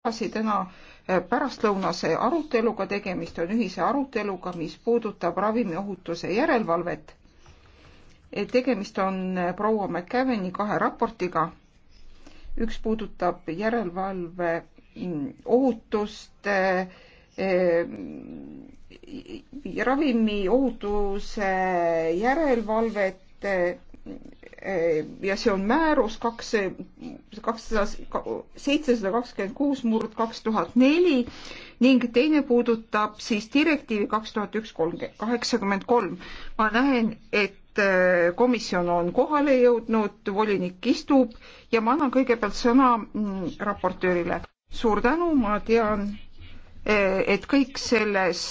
tagasi täna eh, pärastlõunase aruteluga, tegemist on ühise aruteluga, mis puudutab ravimiohutuse järelevalvet. Eh, tegemist on eh, proua McCaveni kahe raportiga. üks puudutab järelevalve mm, ohutust äh,, äh, ravimiohutuse järelevalvet Eh, ja see on määrus kaks, kakssada, seitsesada kakskümmend kuus murd kaks tuhat neli ning teine puudutab siis direktiivi kaks tuhat üks kolmkümmend, kaheksakümmend kolm. ma näen, et eh, komisjon on kohale jõudnud, volinik istub ja ma annan kõigepealt sõna mm, raportöörile. suur tänu, ma tean, eh, et kõik selles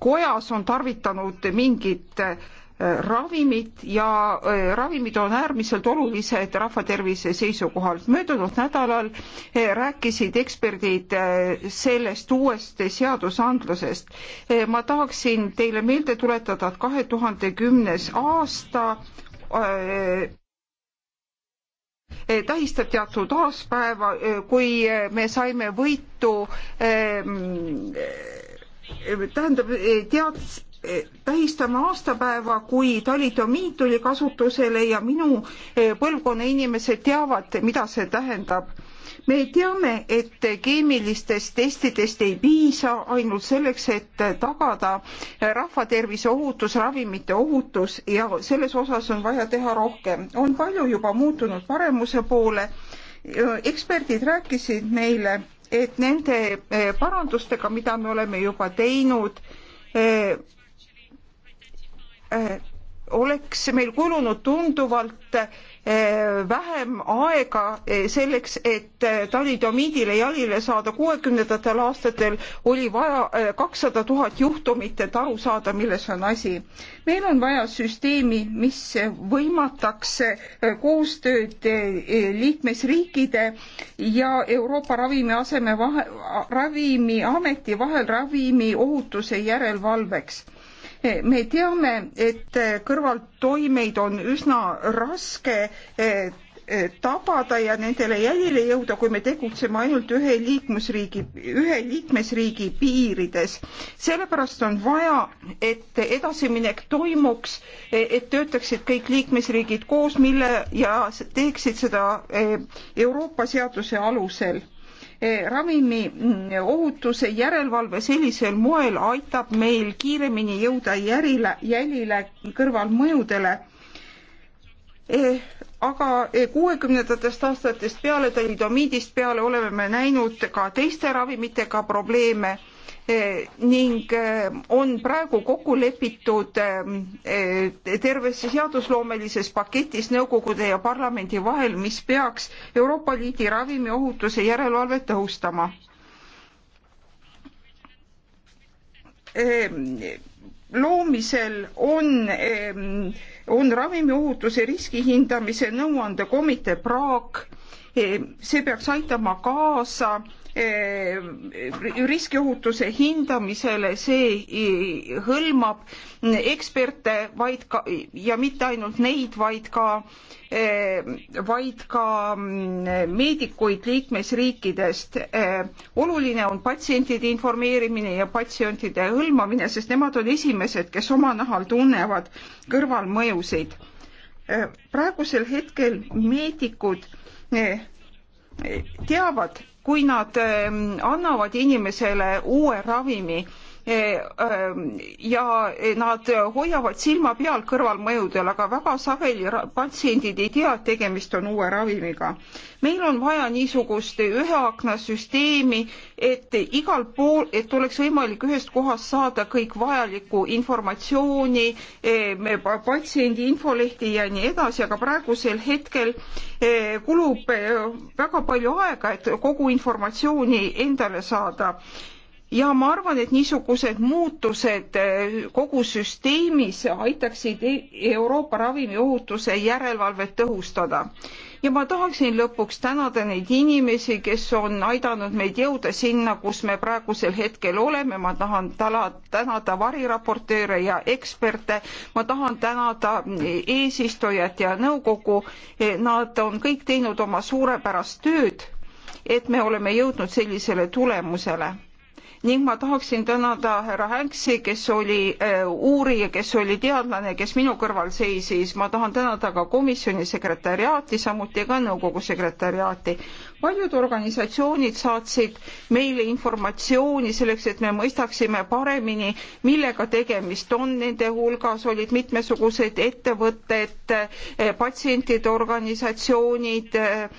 kojas on tarvitanud mingit äh, ravimid ja äh, ravimid on äärmiselt olulised rahvatervise seisukohalt. möödunud nädalal äh, rääkisid eksperdid sellest uuest seadusandlusest. ma tahaksin teile meelde tuletada, et kahe tuhande kümnes aasta tähistab teatud aastapäeva, kui me saime võitu ähm, tähendab eh, teadus eh, tähistame aastapäeva, kui talidomiit tuli kasutusele ja minu eh, põlvkonna inimesed teavad, mida see tähendab. me teame, et keemilistest testidest ei piisa ainult selleks, et tagada rahvatervise ohutus, ravimite ohutus ja selles osas on vaja teha rohkem. on palju juba muutunud paremuse poole. eksperdid rääkisid meile et nende eh, parandustega, mida me oleme juba teinud, eh, eh, oleks meil kulunud tunduvalt Eh, vähem aega eh, selleks, et eh, talidomiidile jalile saada. kuuekümnendatel aastatel oli vaja kakssada tuhat juhtumit, et aru saada, milles on asi. meil on vaja süsteemi, mis võimataks koostööd liikmesriikide ja Euroopa Ravimiaseme vahe, Ravimiameti vahel ravimiohutuse järelevalveks me teame, et kõrvaltoimeid on üsna raske eh, eh, tabada ja nendele jälile jõuda, kui me tegutseme ainult ühe liikmesriigi, ühe liikmesriigi piirides. sellepärast on vaja, et edasiminek toimuks, eh, et töötaksid kõik liikmesriigid koos, mille ja teeksid seda Euroopa seaduse alusel Eh, ravimi mm, ohutuse järelevalve sellisel moel aitab meil kiiremini jõuda järile, jälile kõrvalmõjudele. Eh, aga eh, kuuekümnendatest aastatest peale, talidomiidist peale oleme me näinud ka teiste ravimitega probleeme Eh, ning eh, on praegu kokku lepitud eh, terves seadusloomelises paketis nõukogude ja parlamendi vahel, mis peaks Euroopa Liidu ravimiohutuse järelevalvet tõhustama loomisel on, on ravimiohutuse riskihindamise nõuandekomitee praak, see peaks aitama kaasa Eh, riskiohutuse hindamisele, see eh, hõlmab eksperte, vaid ka ja mitte ainult neid, vaid ka, eh, vaid ka mm, meedikuid liikmesriikidest. oluline on patsientide informeerimine ja patsientide hõlmamine, sest nemad on esimesed, kes oma nahal tunnevad kõrvalmõjusid. praegusel hetkel meedikud teavad kui nad ehm, annavad inimesele uue ravimi Äh, äh, ja nad hoiavad silma peal kõrvalmõjudel, aga väga sageli patsiendid ei tea, et tegemist on uue ravimiga. meil on vaja niisugust ühe akna süsteemi, et igal pool, et oleks võimalik ühest kohast saada kõik vajalikku informatsiooni, eh, patsiendi infolehti ja nii edasi, aga praegusel hetkel eh, kulub eh, väga palju aega, et kogu informatsiooni endale saada ja ma arvan, et niisugused muutused äh, kogu süsteemis aitaksid e- Euroopa ravimiohutuse järelevalvet tõhustada. ja ma tahaksin lõpuks tänada neid inimesi, kes on aidanud meid jõuda sinna, kus me praegusel hetkel oleme, ma tahan tala, tänada variraportööre ja eksperte, ma tahan tänada eesistujat ja nõukogu, nad on kõik teinud oma suurepärast tööd, et me oleme jõudnud sellisele tulemusele ning ma tahaksin tänada härra Hänksi, kes oli äh, uurija, kes oli teadlane, kes minu kõrval seisis. ma tahan tänada ka komisjoni sekretäriaati, samuti ka nõukogu sekretäriaati paljud organisatsioonid saatsid meile informatsiooni selleks, et me mõistaksime paremini, millega tegemist on, nende hulgas olid mitmesugused ettevõtted, eh, patsientide organisatsioonid, eh,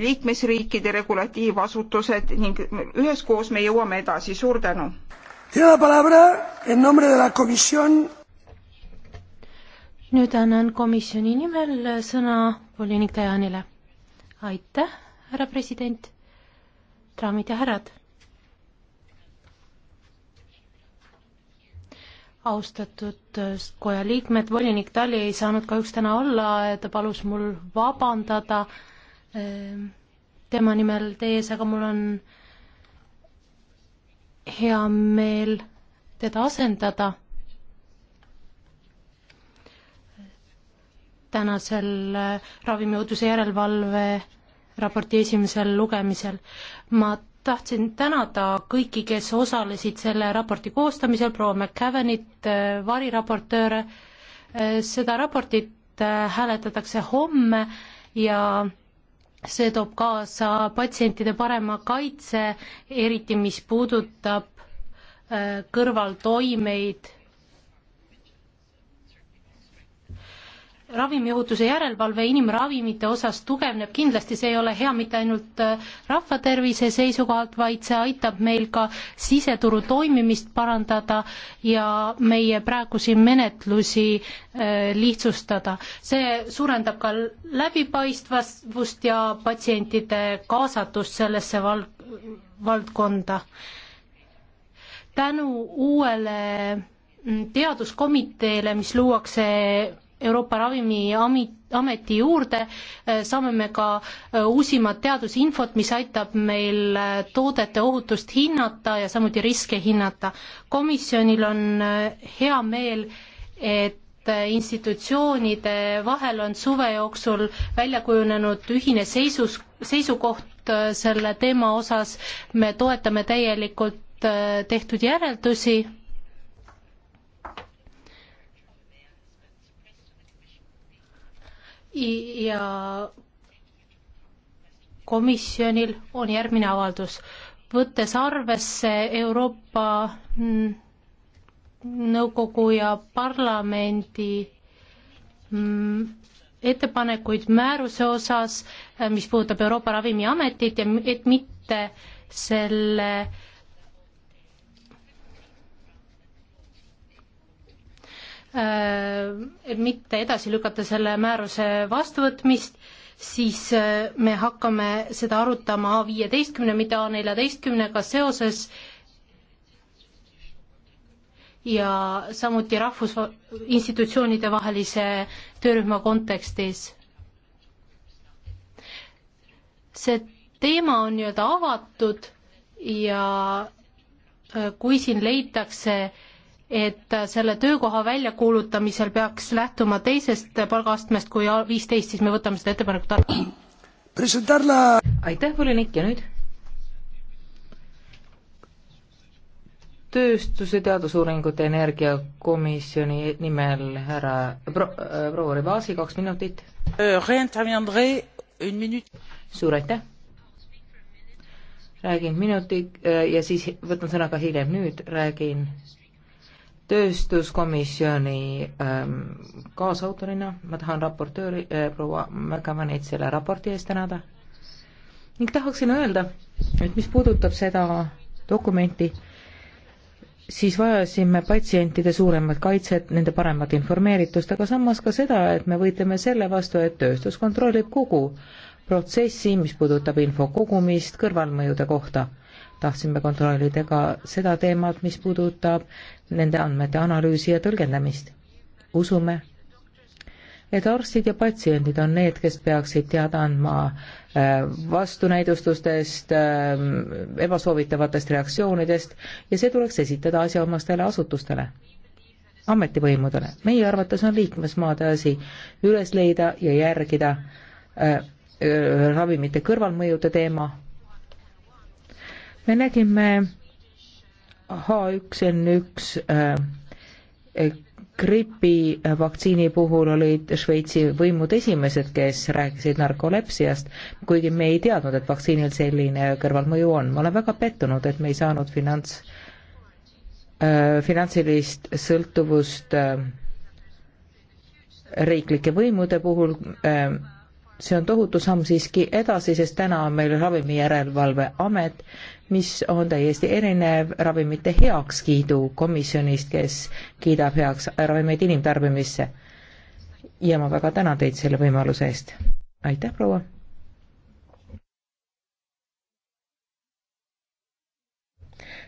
liikmesriikide regulatiivasutused ning üheskoos me jõuame edasi, suur tänu! nüüd annan komisjoni nimel sõna volinik Dajanile. aitäh härra president, daamid ja härrad. austatud äh, koja liikmed, volinik Tali ei saanud kahjuks täna olla, äh, ta palus mul vabandada ähm, tema nimel teie ees, aga mul on hea meel teda asendada tänasel äh, ravimiohutuse järelevalve raporti esimesel lugemisel. ma tahtsin tänada kõiki, kes osalesid selle raporti koostamisel, proua McCavenit, variraportööre, seda raportit hääletatakse homme ja see toob kaasa patsientide parema kaitse, eriti mis puudutab kõrvaltoimeid ravimiohutuse järelevalve inimravimite osas tugevneb, kindlasti see ei ole hea mitte ainult äh, rahvatervise seisukohalt, vaid see aitab meil ka siseturu toimimist parandada ja meie praegusi menetlusi äh, lihtsustada. see suurendab ka läbipaistvust ja patsientide kaasatust sellesse val-, valdkonda. tänu uuele mm, teaduskomiteele, mis luuakse Euroopa Ravimiameti juurde, äh, saame me ka äh, uusimat teadusinfot, mis aitab meil äh, toodete ohutust hinnata ja samuti riske hinnata. komisjonil on hea meel, et institutsioonide vahel on suve jooksul välja kujunenud ühine seisus, seisukoht selle teema osas, me toetame täielikult tehtud järeldusi ja komisjonil on järgmine avaldus. võttes arvesse Euroopa Nõukogu ja parlamendi mm, ettepanekuid määruse osas, mis puudutab Euroopa Ravimiametit ja et mitte selle äh, Äh, mitte edasi lükata selle määruse vastuvõtmist, siis äh, me hakkame seda arutama A15, mitte A14-ga seoses ja samuti rahvusinstitutsioonide vahelise töörühma kontekstis. see teema on nii-öelda avatud ja äh, kui siin leitakse äh, et selle töökoha väljakuulutamisel peaks lähtuma teisest palgaastmest kui viisteist, siis me võtame seda ettepanekut arvesse. aitäh, volinik, ja nüüd? tööstuse teadusuuringute energiakomisjoni nimel härra äh, proua Ribasi, kaks minutit. Euh, suur aitäh räägin minuti äh, ja siis võtan sõna ka hiljem, nüüd räägin tööstuskomisjoni ähm, kaasautorina ma tahan raportööri äh, proua Mäkamanit selle raporti eest tänada ning tahaksin öelda, et mis puudutab seda dokumenti, siis vajasime patsientide suuremat kaitset, nende paremat informeeritust, aga samas ka seda, et me võitleme selle vastu, et tööstus kontrollib kogu protsessi, mis puudutab info kogumist kõrvalmõjude kohta. tahtsime kontrollida ka seda teemat, mis puudutab nende andmete analüüsi ja tõlgendamist. usume, et arstid ja patsiendid on need, kes peaksid teada andma äh, vastunäidustustest, äh, ebasoovitavatest reaktsioonidest ja see tuleks esitada asjaomastele asutustele, ametivõimudele. meie arvates on liikmesmaade asi üles leida ja järgida äh, äh, ravimite kõrvalmõjude teema. me nägime H1N1 äh, gripivaktsiini puhul olid Šveitsi võimud esimesed, kes rääkisid narkolepsiast, kuigi me ei teadnud, et vaktsiinil selline kõrvalmõju on. ma olen väga pettunud, et me ei saanud finants äh,, finantsilist sõltuvust äh, riiklike võimude puhul äh, see on tohutu samm siiski edasi, sest täna on meil Ravimijärelevalveamet, mis on täiesti erinev ravimite heakskiidu komisjonist, kes kiidab heaks ravimeid inimtarbimisse. ja ma väga tänan teid selle võimaluse eest. aitäh, proua!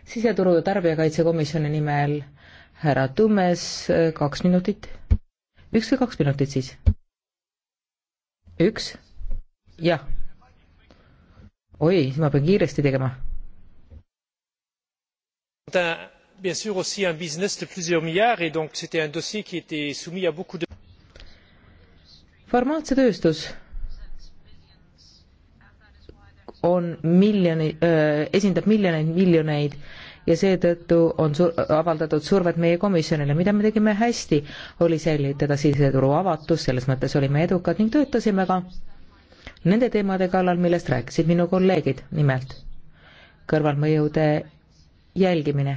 siseturu ja tarbijakaitsekomisjoni nimel härra Tummes, kaks minutit, üks või kaks minutit siis üks, jah. oi, ma pean kiiresti tegema. bien sûr aussi un business de plusieurs milliards et donc c'était un dossier qui était soumis à beaucoup de farmaatsiatööstus on miljoni äh,, esindab miljoneid, miljoneid ja seetõttu on sur avaldatud survet meie komisjonile. mida me tegime hästi, oli säilitada siseturu avatus, selles mõttes olime edukad ning töötasime ka nende teemade kallal, millest rääkisid minu kolleegid, nimelt kõrvalmõjude jälgimine,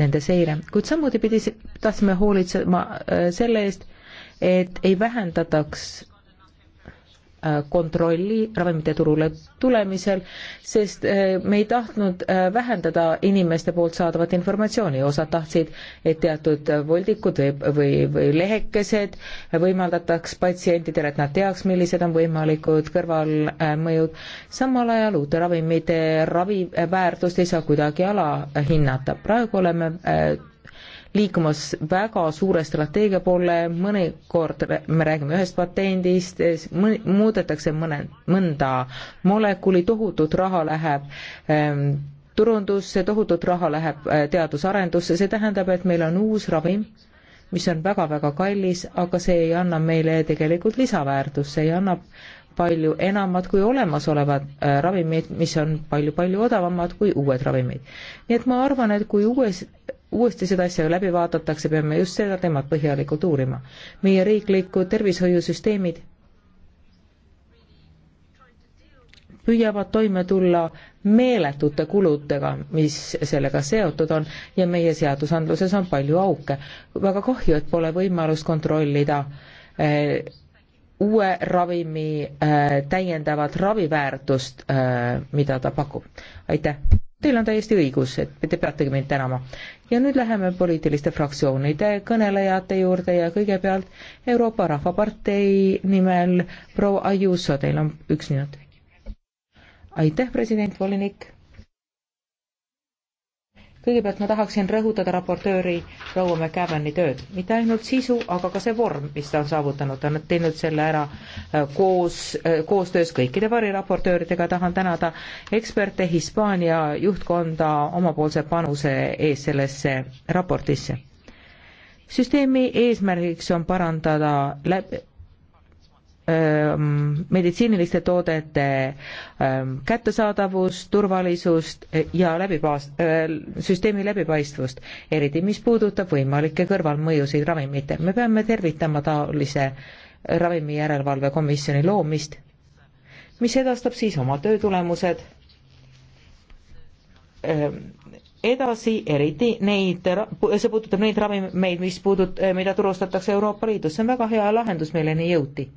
nende seire, kuid samuti pidi, tahtsime hoolitsema äh, selle eest, et ei vähendataks Äh, kontrolli ravimite turule tulemisel, sest äh, me ei tahtnud äh, vähendada inimeste poolt saadavat informatsiooni, osad tahtsid, et teatud voldikud või, või, või lehekesed võimaldataks patsientidele, et nad teaks, millised on võimalikud kõrvalmõjud, samal ajal uute ravimite raviväärtust ei saa kuidagi alahinnata, praegu oleme liikumas väga suure strateegia poole, mõnikord me räägime ühest patendist, muudetakse mõne, mõnda molekuli, tohutut raha läheb ähm, turundusse, tohutut raha läheb äh, teadusarendusse, see tähendab, et meil on uus ravim, mis on väga-väga kallis, aga see ei anna meile tegelikult lisaväärtust, see ei anna palju enamad kui olemasolevad äh, ravimid, mis on palju-palju odavamad kui uued ravimid. nii et ma arvan, et kui uues uuesti seda asja läbi vaadatakse, peame just seda teemat põhjalikult uurima. meie riiklikud tervishoiusüsteemid püüavad toime tulla meeletute kuludega, mis sellega seotud on ja meie seadusandluses on palju auke. väga kahju, et pole võimalust kontrollida eh, uue ravimi eh, täiendavat raviväärtust eh,, mida ta pakub. aitäh! Teil on täiesti õigus, et te peategi mind tänama. ja nüüd läheme poliitiliste fraktsioonide kõnelejate juurde ja kõigepealt Euroopa Rahvapartei nimel proua Ajuso, teil on üks minut. aitäh, president, volinik kõigepealt ma tahaksin rõhutada raportööri proua McCaveni tööd, mitte ainult sisu, aga ka see vorm, mis ta on saavutanud, ta on teinud selle ära äh, koos, äh, koostöös kõikide variraportööridega, tahan tänada eksperte Hispaania juhtkonda omapoolse panuse eest sellesse raportisse. süsteemi eesmärgiks on parandada läbi, Ähm, meditsiiniliste toodete ähm, kättesaadavust, turvalisust äh, ja läbipaas-, äh, süsteemi läbipaistvust, eriti mis puudutab võimalikke kõrvalmõjusid ravimite. me peame tervitama taolise ravimijärelevalve komisjoni loomist, mis edastab siis oma töö tulemused ähm, edasi, eriti neid, see puudutab neid ravimeid, mis puudut-, äh, mida turustatakse Euroopa Liidus, see on väga hea lahendus, milleni jõuti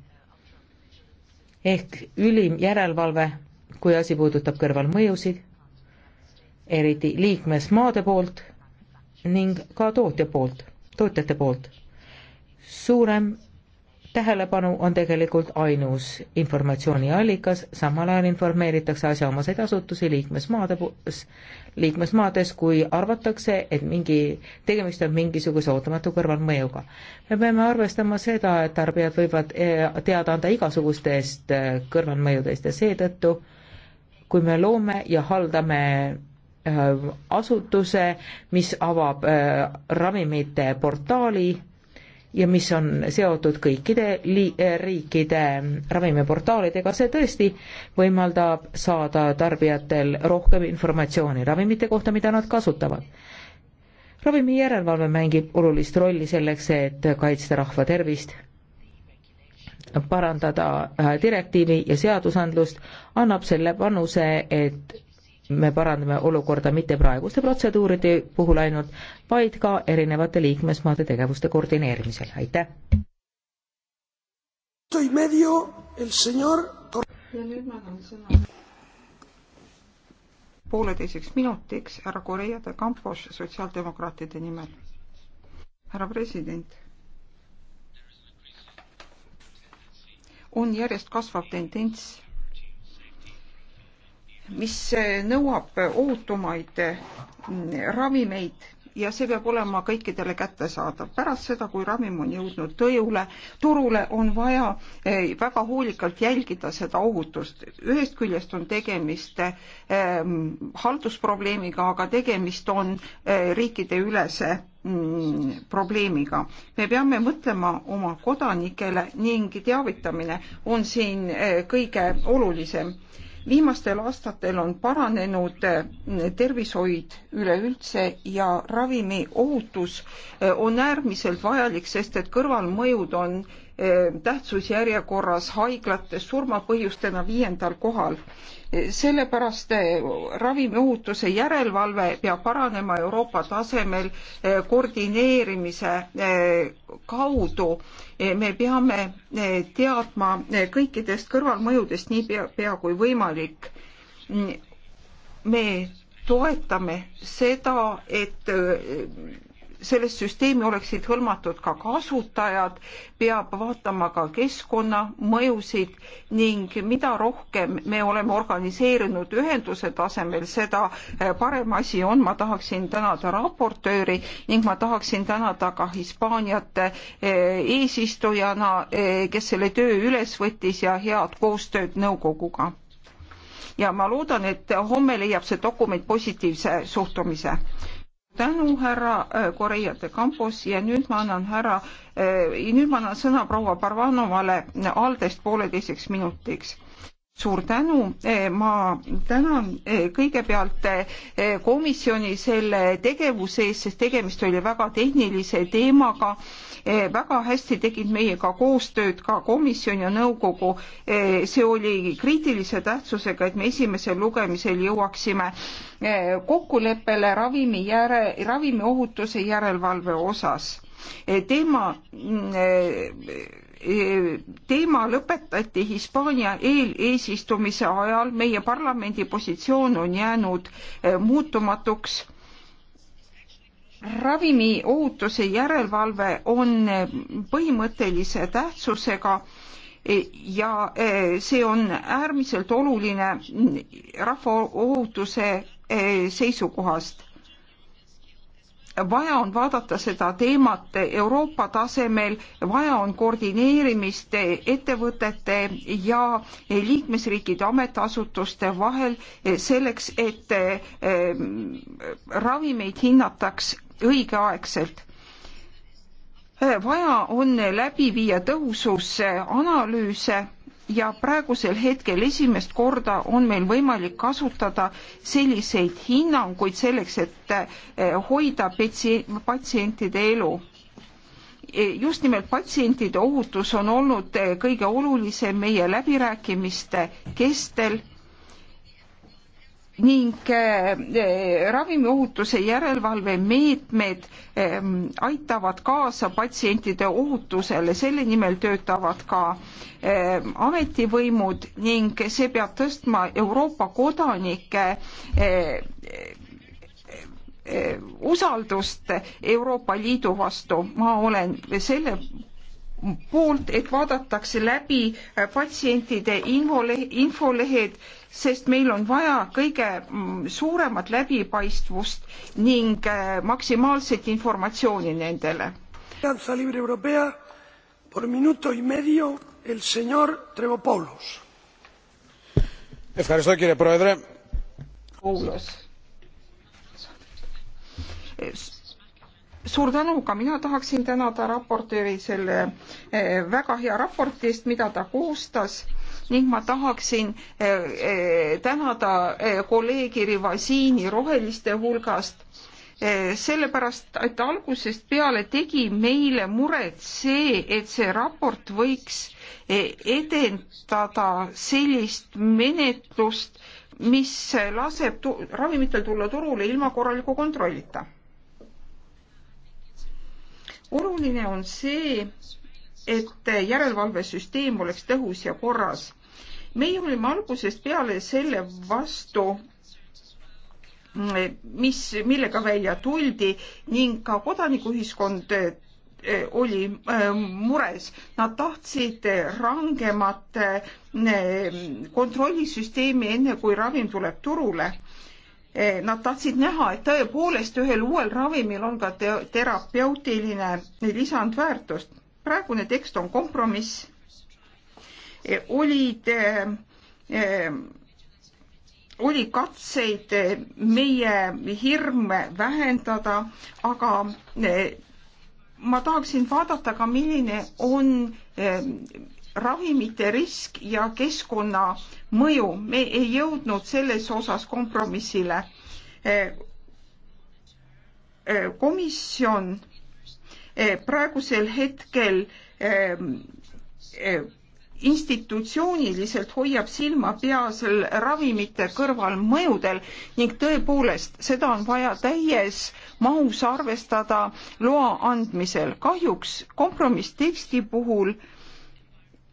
ehk ülim järelevalve, kui asi puudutab kõrvalmõjusid, eriti liikmesmaade poolt ning ka tootja poolt, tootjate poolt. suurem tähelepanu on tegelikult ainus informatsiooniallikas, samal ajal informeeritakse asjaomaseid asutusi liikmesmaade, liikmesmaades, kui arvatakse, et mingi, tegemist on mingisuguse ootamatu kõrvalmõjuga. me peame arvestama seda, et tarbijad võivad e, teada anda igasugustest e, kõrvalmõjudest ja seetõttu, kui me loome ja haldame e, asutuse, mis avab ravimite portaali, ja mis on seotud kõikide eh, riikide ravimiportaalidega, see tõesti võimaldab saada tarbijatel rohkem informatsiooni ravimite kohta, mida nad kasutavad. ravimijärelevalve mängib olulist rolli selleks, et kaitsta rahva tervist, parandada äh, direktiivi ja seadusandlust, annab selle panuse, et me parandame olukorda mitte praeguste protseduuride puhul ainult, vaid ka erinevate liikmesmaade tegevuste koordineerimisel, aitäh! pooleteiseks minutiks härra Correia de Campos sotsiaaldemokraatide nimel. härra president on järjest kasvav tendents mis eh, nõuab eh, ohutumaid eh, ravimeid ja see peab olema kõikidele kättesaadav. pärast seda, kui ravim on jõudnud tõjule, turule, on vaja väga hoolikalt jälgida seda ohutust. ühest küljest on tegemist ähm, haldusprobleemiga, aga tegemist on äh, riikideülese mm, probleemiga. me peame mõtlema oma kodanikele ning teavitamine on siin kõige olulisem viimastel aastatel on paranenud eh, tervishoid üleüldse ja ravimiohutus eh, on äärmiselt vajalik, sest et kõrvalmõjud on Äh, tähtsusjärjekorras haiglates surmapõhjustena viiendal kohal. Äh, sellepärast äh, ravimiohutuse järelevalve peab paranema Euroopa tasemel koordineerimise kaudu. me peame teadma kõikidest kõrvalmõjudest nii pea, pea kui võimalik. Mm, me toetame seda, et sellest süsteemi oleksid hõlmatud ka kasutajad, peab vaatama ka keskkonnamõjusid ning mida rohkem me oleme organiseerinud ühenduse tasemel, seda eh, parem asi on. ma tahaksin tänada raportööri ning ma tahaksin tänada ka Hispaaniat eh, eesistujana, eh, kes selle töö üles võttis ja head koostööd nõukoguga. ja ma loodan, et homme leiab see dokument positiivse suhtumise tänu, härra Korea äh, de Campos ja nüüd ma annan härra, äh, nüüd ma annan sõna proua Parvanovale äh, Aldest pooleteiseks minutiks suur tänu, eh, ma tänan eh, kõigepealt eh, komisjoni selle tegevuse eest, sest tegemist oli väga tehnilise teemaga. väga hästi tegid meiega koostööd ka komisjon ja nõukogu. see oli kriitilise tähtsusega, et me esimesel lugemisel jõuaksime kokkuleppele ravimi järe, ravimiohutuse järelevalve osas. teema mm, teema lõpetati Hispaania eeleesistumise ajal, meie parlamendi positsioon on jäänud eh, muutumatuks. ravimiohutuse järelevalve on eh, põhimõttelise tähtsusega eh, ja see on äärmiselt oluline mm, rahva ohutuse seisukohast vaja on vaadata seda teemat Euroopa tasemel, vaja on koordineerimist ettevõtete ja liikmesriikide ametiasutuste vahel selleks, et eh, ravimeid hinnataks õigeaegselt. vaja on läbi viia tõhususanalüüse ja praegusel hetkel esimest korda on meil võimalik kasutada selliseid hinnanguid selleks, et eh, hoida patsientide elu. Eh, just nimelt patsientide ohutus on olnud eh, kõige olulisem meie läbirääkimiste kestel ning eh, eh, ravimiohutuse järelevalve meetmed ehm, aitavad kaasa patsientide ohutusele, selle nimel töötavad ka ehm, ametivõimud ning see peab tõstma Euroopa kodanike eh, usaldust Euroopa Liidu vastu. ma olen selle poolt, et vaadatakse läbi äh, patsientide infolehed, infolehed, sest meil on vaja kõige mm, suuremat läbipaistvust ning äh, maksimaalset informatsiooni nendele. κύριε Πρόεδρε. Ούλος suur tänu, ka mina tahaksin tänada raportööri selle eh, väga hea raporti eest, mida ta koostas ning ma tahaksin eh, eh, tänada kolleegi Rivasiini roheliste hulgast, sellepärast, et algusest peale tegi meile muret see, et see raport võiks edendada sellist menetlust, mis laseb tu ravimitel tulla turule ilma korraliku kontrollita oluline on see, et järelevalvesüsteem oleks tõhus ja korras. meie olime algusest peale selle vastu, mis, millega välja tuldi ning ka kodanikuühiskond eh, oli eh, mures, nad tahtsid rangemat eh, kontrollisüsteemi, enne kui ravim tuleb turule Eh, nad tahtsid näha, et tõepoolest ühel uuel ravimil on ka te terapeutiline lisandväärtus. praegune tekst on kompromiss. Eh, olid eh, oli katseid meie hirme vähendada, aga ma tahaksin vaadata ka, milline on ravimite risk ja keskkonnamõju, me ei jõudnud selles osas kompromissile. Eh, eh, komisjon eh, praegusel hetkel institutsiooniliselt hoiab silma peasel ravimite kõrvalmõjudel ning tõepoolest, seda on vaja täies mahus arvestada loa andmisel. kahjuks kompromissteksti puhul äh,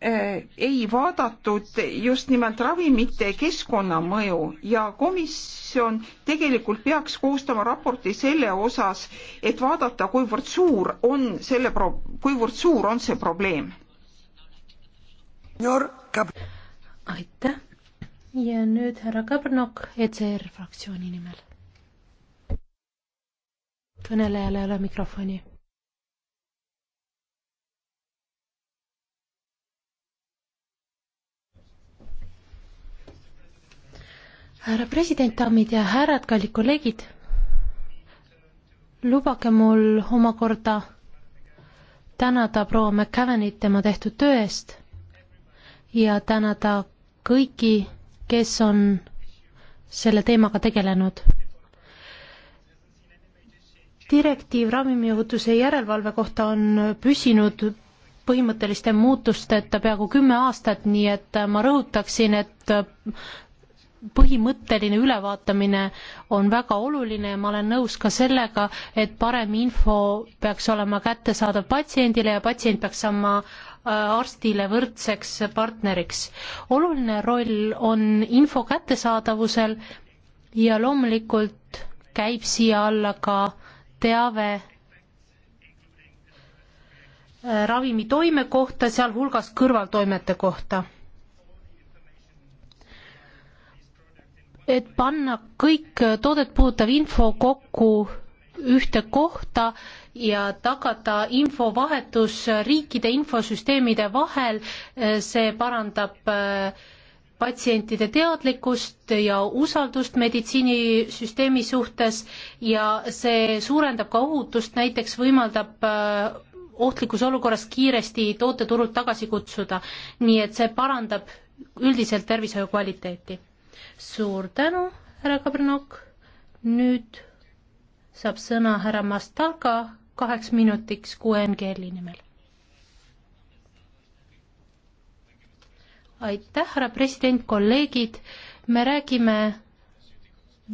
Äh, ei vaadatud just nimelt ravimite keskkonnamõju ja komisjon tegelikult peaks koostama raporti selle osas, et vaadata, kuivõrd suur on selle, kuivõrd suur on see probleem. aitäh ja nüüd härra Kabrnok ECR fraktsiooni nimel. kõnelejal ei ole mikrofoni härra president, daamid ja härrad, kallid kolleegid, lubage mul omakorda tänada proua McCavenit tema tehtud töö eest ja tänada kõiki, kes on selle teemaga tegelenud. direktiiv ravimiohutuse järelevalve kohta on püsinud põhimõtteliste muutusteta peaaegu kümme aastat, nii et ma rõhutaksin, et põhimõtteline ülevaatamine on väga oluline ja ma olen nõus ka sellega, et parem info peaks olema kättesaadav patsiendile ja patsient peaks saama äh, arstile võrdseks partneriks. oluline roll on info kättesaadavusel ja loomulikult käib siia alla ka teave äh, ravimi toime kohta, sealhulgas kõrvaltoimete kohta et panna kõik toodet puudutav info kokku ühte kohta ja tagada infovahetus riikide infosüsteemide vahel, see parandab äh, patsientide teadlikkust ja usaldust meditsiinisüsteemi suhtes ja see suurendab ka ohutust, näiteks võimaldab äh, ohtlikus olukorras kiiresti toote turult tagasi kutsuda. nii et see parandab üldiselt tervishoiu kvaliteeti suur tänu, härra Kabrinok. nüüd saab sõna härra Mastalka kaheks minutiks QNGL-i nimel. aitäh, härra president, kolleegid, me räägime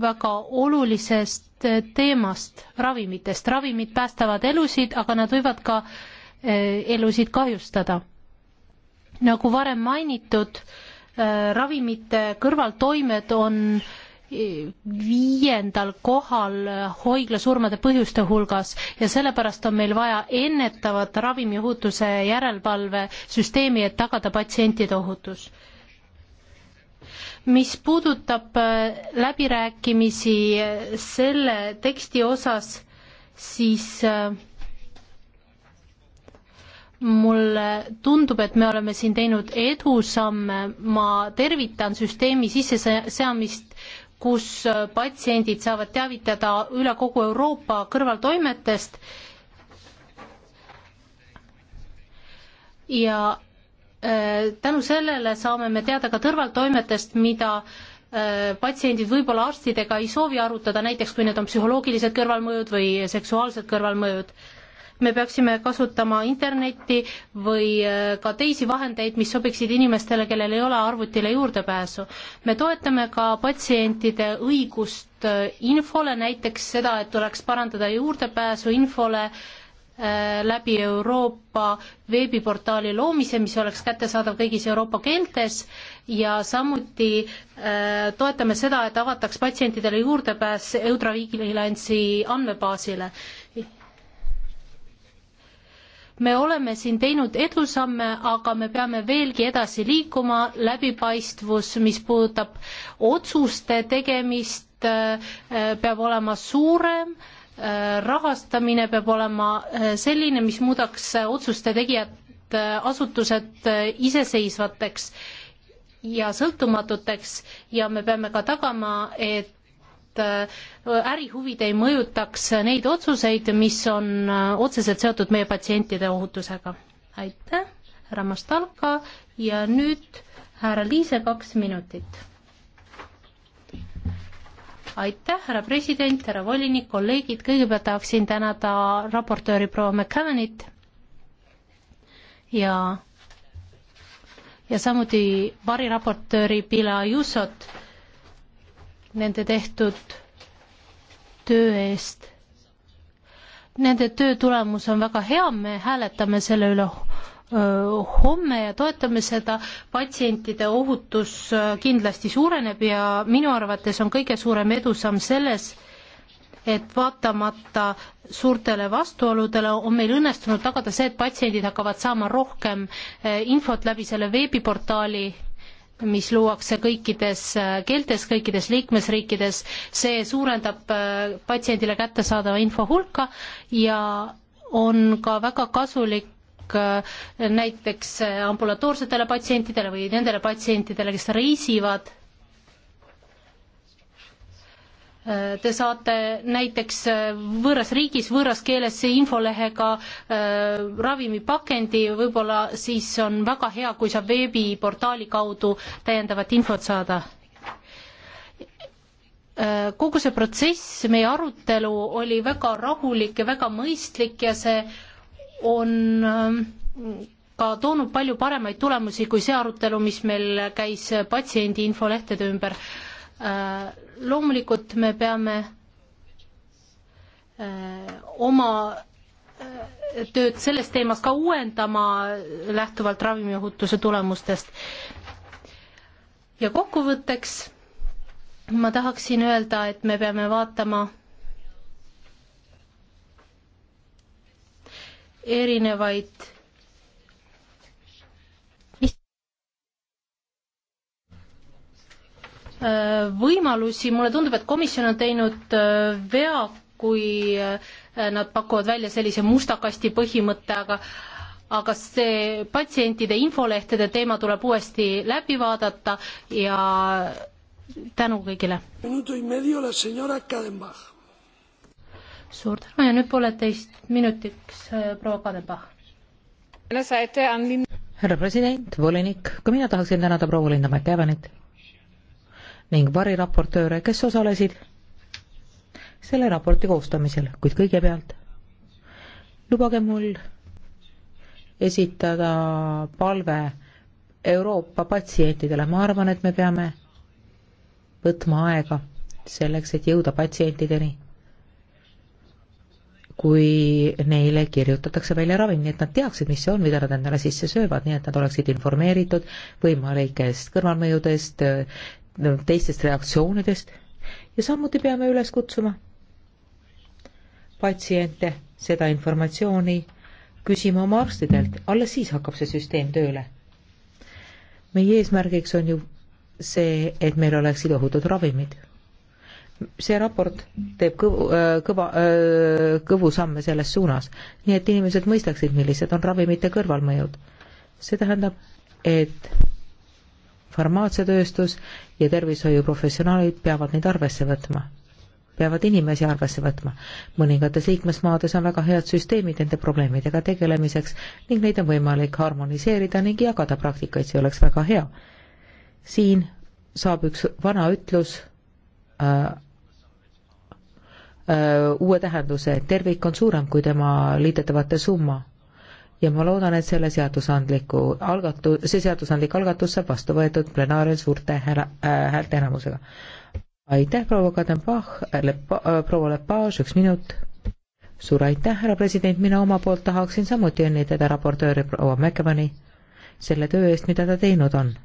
väga olulisest teemast, ravimitest. ravimid päästavad elusid, aga nad võivad ka eh, elusid kahjustada. nagu varem mainitud, ravimite kõrvaltoimed on viiendal kohal hoiglasurmade põhjuste hulgas ja sellepärast on meil vaja ennetavat ravimiohutuse järelevalvesüsteemi, et tagada patsientide ohutus. mis puudutab äh, läbirääkimisi äh, selle teksti osas, siis äh, mulle tundub, et me oleme siin teinud edusamme, ma tervitan süsteemi sisseseamist, kus patsiendid saavad teavitada üle kogu Euroopa kõrvaltoimetest ja äh, tänu sellele saame me teada ka kõrvaltoimetest, mida äh, patsiendid võib-olla arstidega ei soovi arutada, näiteks kui need on psühholoogilised kõrvalmõjud või seksuaalsed kõrvalmõjud me peaksime kasutama internetti või äh, ka teisi vahendeid, mis sobiksid inimestele, kellel ei ole arvutile juurdepääsu. me toetame ka patsientide õigust äh, infole, näiteks seda, et tuleks parandada juurdepääsu infole äh, läbi Euroopa veebiportaali loomise, mis oleks kättesaadav kõigis Euroopa keeltes ja samuti äh, toetame seda, et avataks patsientidele juurdepääs Eudravigilansi andmebaasile me oleme siin teinud edusamme, aga me peame veelgi edasi liikuma, läbipaistvus, mis puudutab otsuste tegemist, äh, peab olema suurem, äh, rahastamine peab olema äh, selline, mis muudaks otsuste tegijad, asutused iseseisvateks ja sõltumatuteks ja me peame ka tagama, et Äh, ärihuvid ei mõjutaks neid otsuseid, mis on äh, otseselt seotud meie patsientide ohutusega. aitäh, härra Mastalka ja nüüd härra Liise, kaks minutit. aitäh, härra president, härra volinik, kolleegid, kõigepealt tahaksin tänada raportööri proua McCannanit ja ja samuti variraportööri Pila Jussot nende tehtud töö eest. Nende töö tulemus on väga hea, me hääletame selle üle homme ja toetame seda, patsientide ohutus kindlasti suureneb ja minu arvates on kõige suurem edusamm selles, et vaatamata suurtele vastuoludele on meil õnnestunud tagada see, et patsiendid hakkavad saama rohkem infot läbi selle veebiportaali mis luuakse kõikides äh, keeltes, kõikides liikmesriikides, see suurendab äh, patsiendile kättesaadava info hulka ja on ka väga kasulik äh, näiteks ambulatoorsetele patsientidele või nendele patsientidele, kes reisivad Te saate näiteks võõras riigis, võõras keeles infolehega äh, ravimipakendi, võib-olla siis on väga hea, kui saab veebiportaali kaudu täiendavat infot saada äh,. kogu see protsess, meie arutelu oli väga rahulik ja väga mõistlik ja see on äh, ka toonud palju paremaid tulemusi kui see arutelu, mis meil käis patsiendi infolehtede ümber äh, loomulikult me peame äh, oma äh, tööd selles teemas ka uuendama lähtuvalt ravimiohutuse tulemustest. ja kokkuvõtteks ma tahaksin öelda, et me peame vaatama erinevaid Äh, võimalusi, mulle tundub, et komisjon on teinud äh, vea, kui äh, nad pakuvad välja sellise musta kasti põhimõtte, aga aga see patsientide infolehtede teema tuleb uuesti läbi vaadata ja tänu kõigile. suur tänu ja nüüd pooleteist minutiks proua Kadenbach härra president, volinik, ka mina tahaksin tänada proua Linda Mäkkäevanit ning variraportööre, kes osalesid selle raporti koostamisel, kuid kõigepealt lubage mul esitada palve Euroopa patsientidele, ma arvan, et me peame võtma aega selleks, et jõuda patsientideni, kui neile kirjutatakse välja ravim, nii et nad teaksid, mis see on, mida nad endale sisse söövad, nii et nad oleksid informeeritud võimalikest kõrvalmõjudest, teistest reaktsioonidest ja samuti peame üles kutsuma patsiente seda informatsiooni küsima oma arstidelt, alles siis hakkab see süsteem tööle. meie eesmärgiks on ju see, et meil oleksid ohutud ravimid. see raport teeb kõvu, äh, kõva, äh, kõvu samme selles suunas, nii et inimesed mõistaksid, millised on ravimite kõrvalmõjud. see tähendab, et farmaatsiatööstus ja tervishoiuprofessionaalid peavad neid arvesse võtma, peavad inimesi arvesse võtma. mõningates liikmesmaades on väga head süsteemid nende probleemidega tegelemiseks ning neid on võimalik harmoniseerida ning jagada praktikaid, see oleks väga hea. siin saab üks vana ütlus äh, äh, uue tähenduse, tervik on suurem kui tema liidetavate summa ja ma loodan, et selle seadusandliku algatu-, see seadusandlik algatus saab vastu võetud plenaaril suurte hääle äh,, häälteenamusega. aitäh, proua Kadenbach, äh, proua Lepage, üks minut. suur aitäh, härra president, mina oma poolt tahaksin samuti õnnitleda raportööri proua Mäkkemani selle töö eest, mida ta teinud on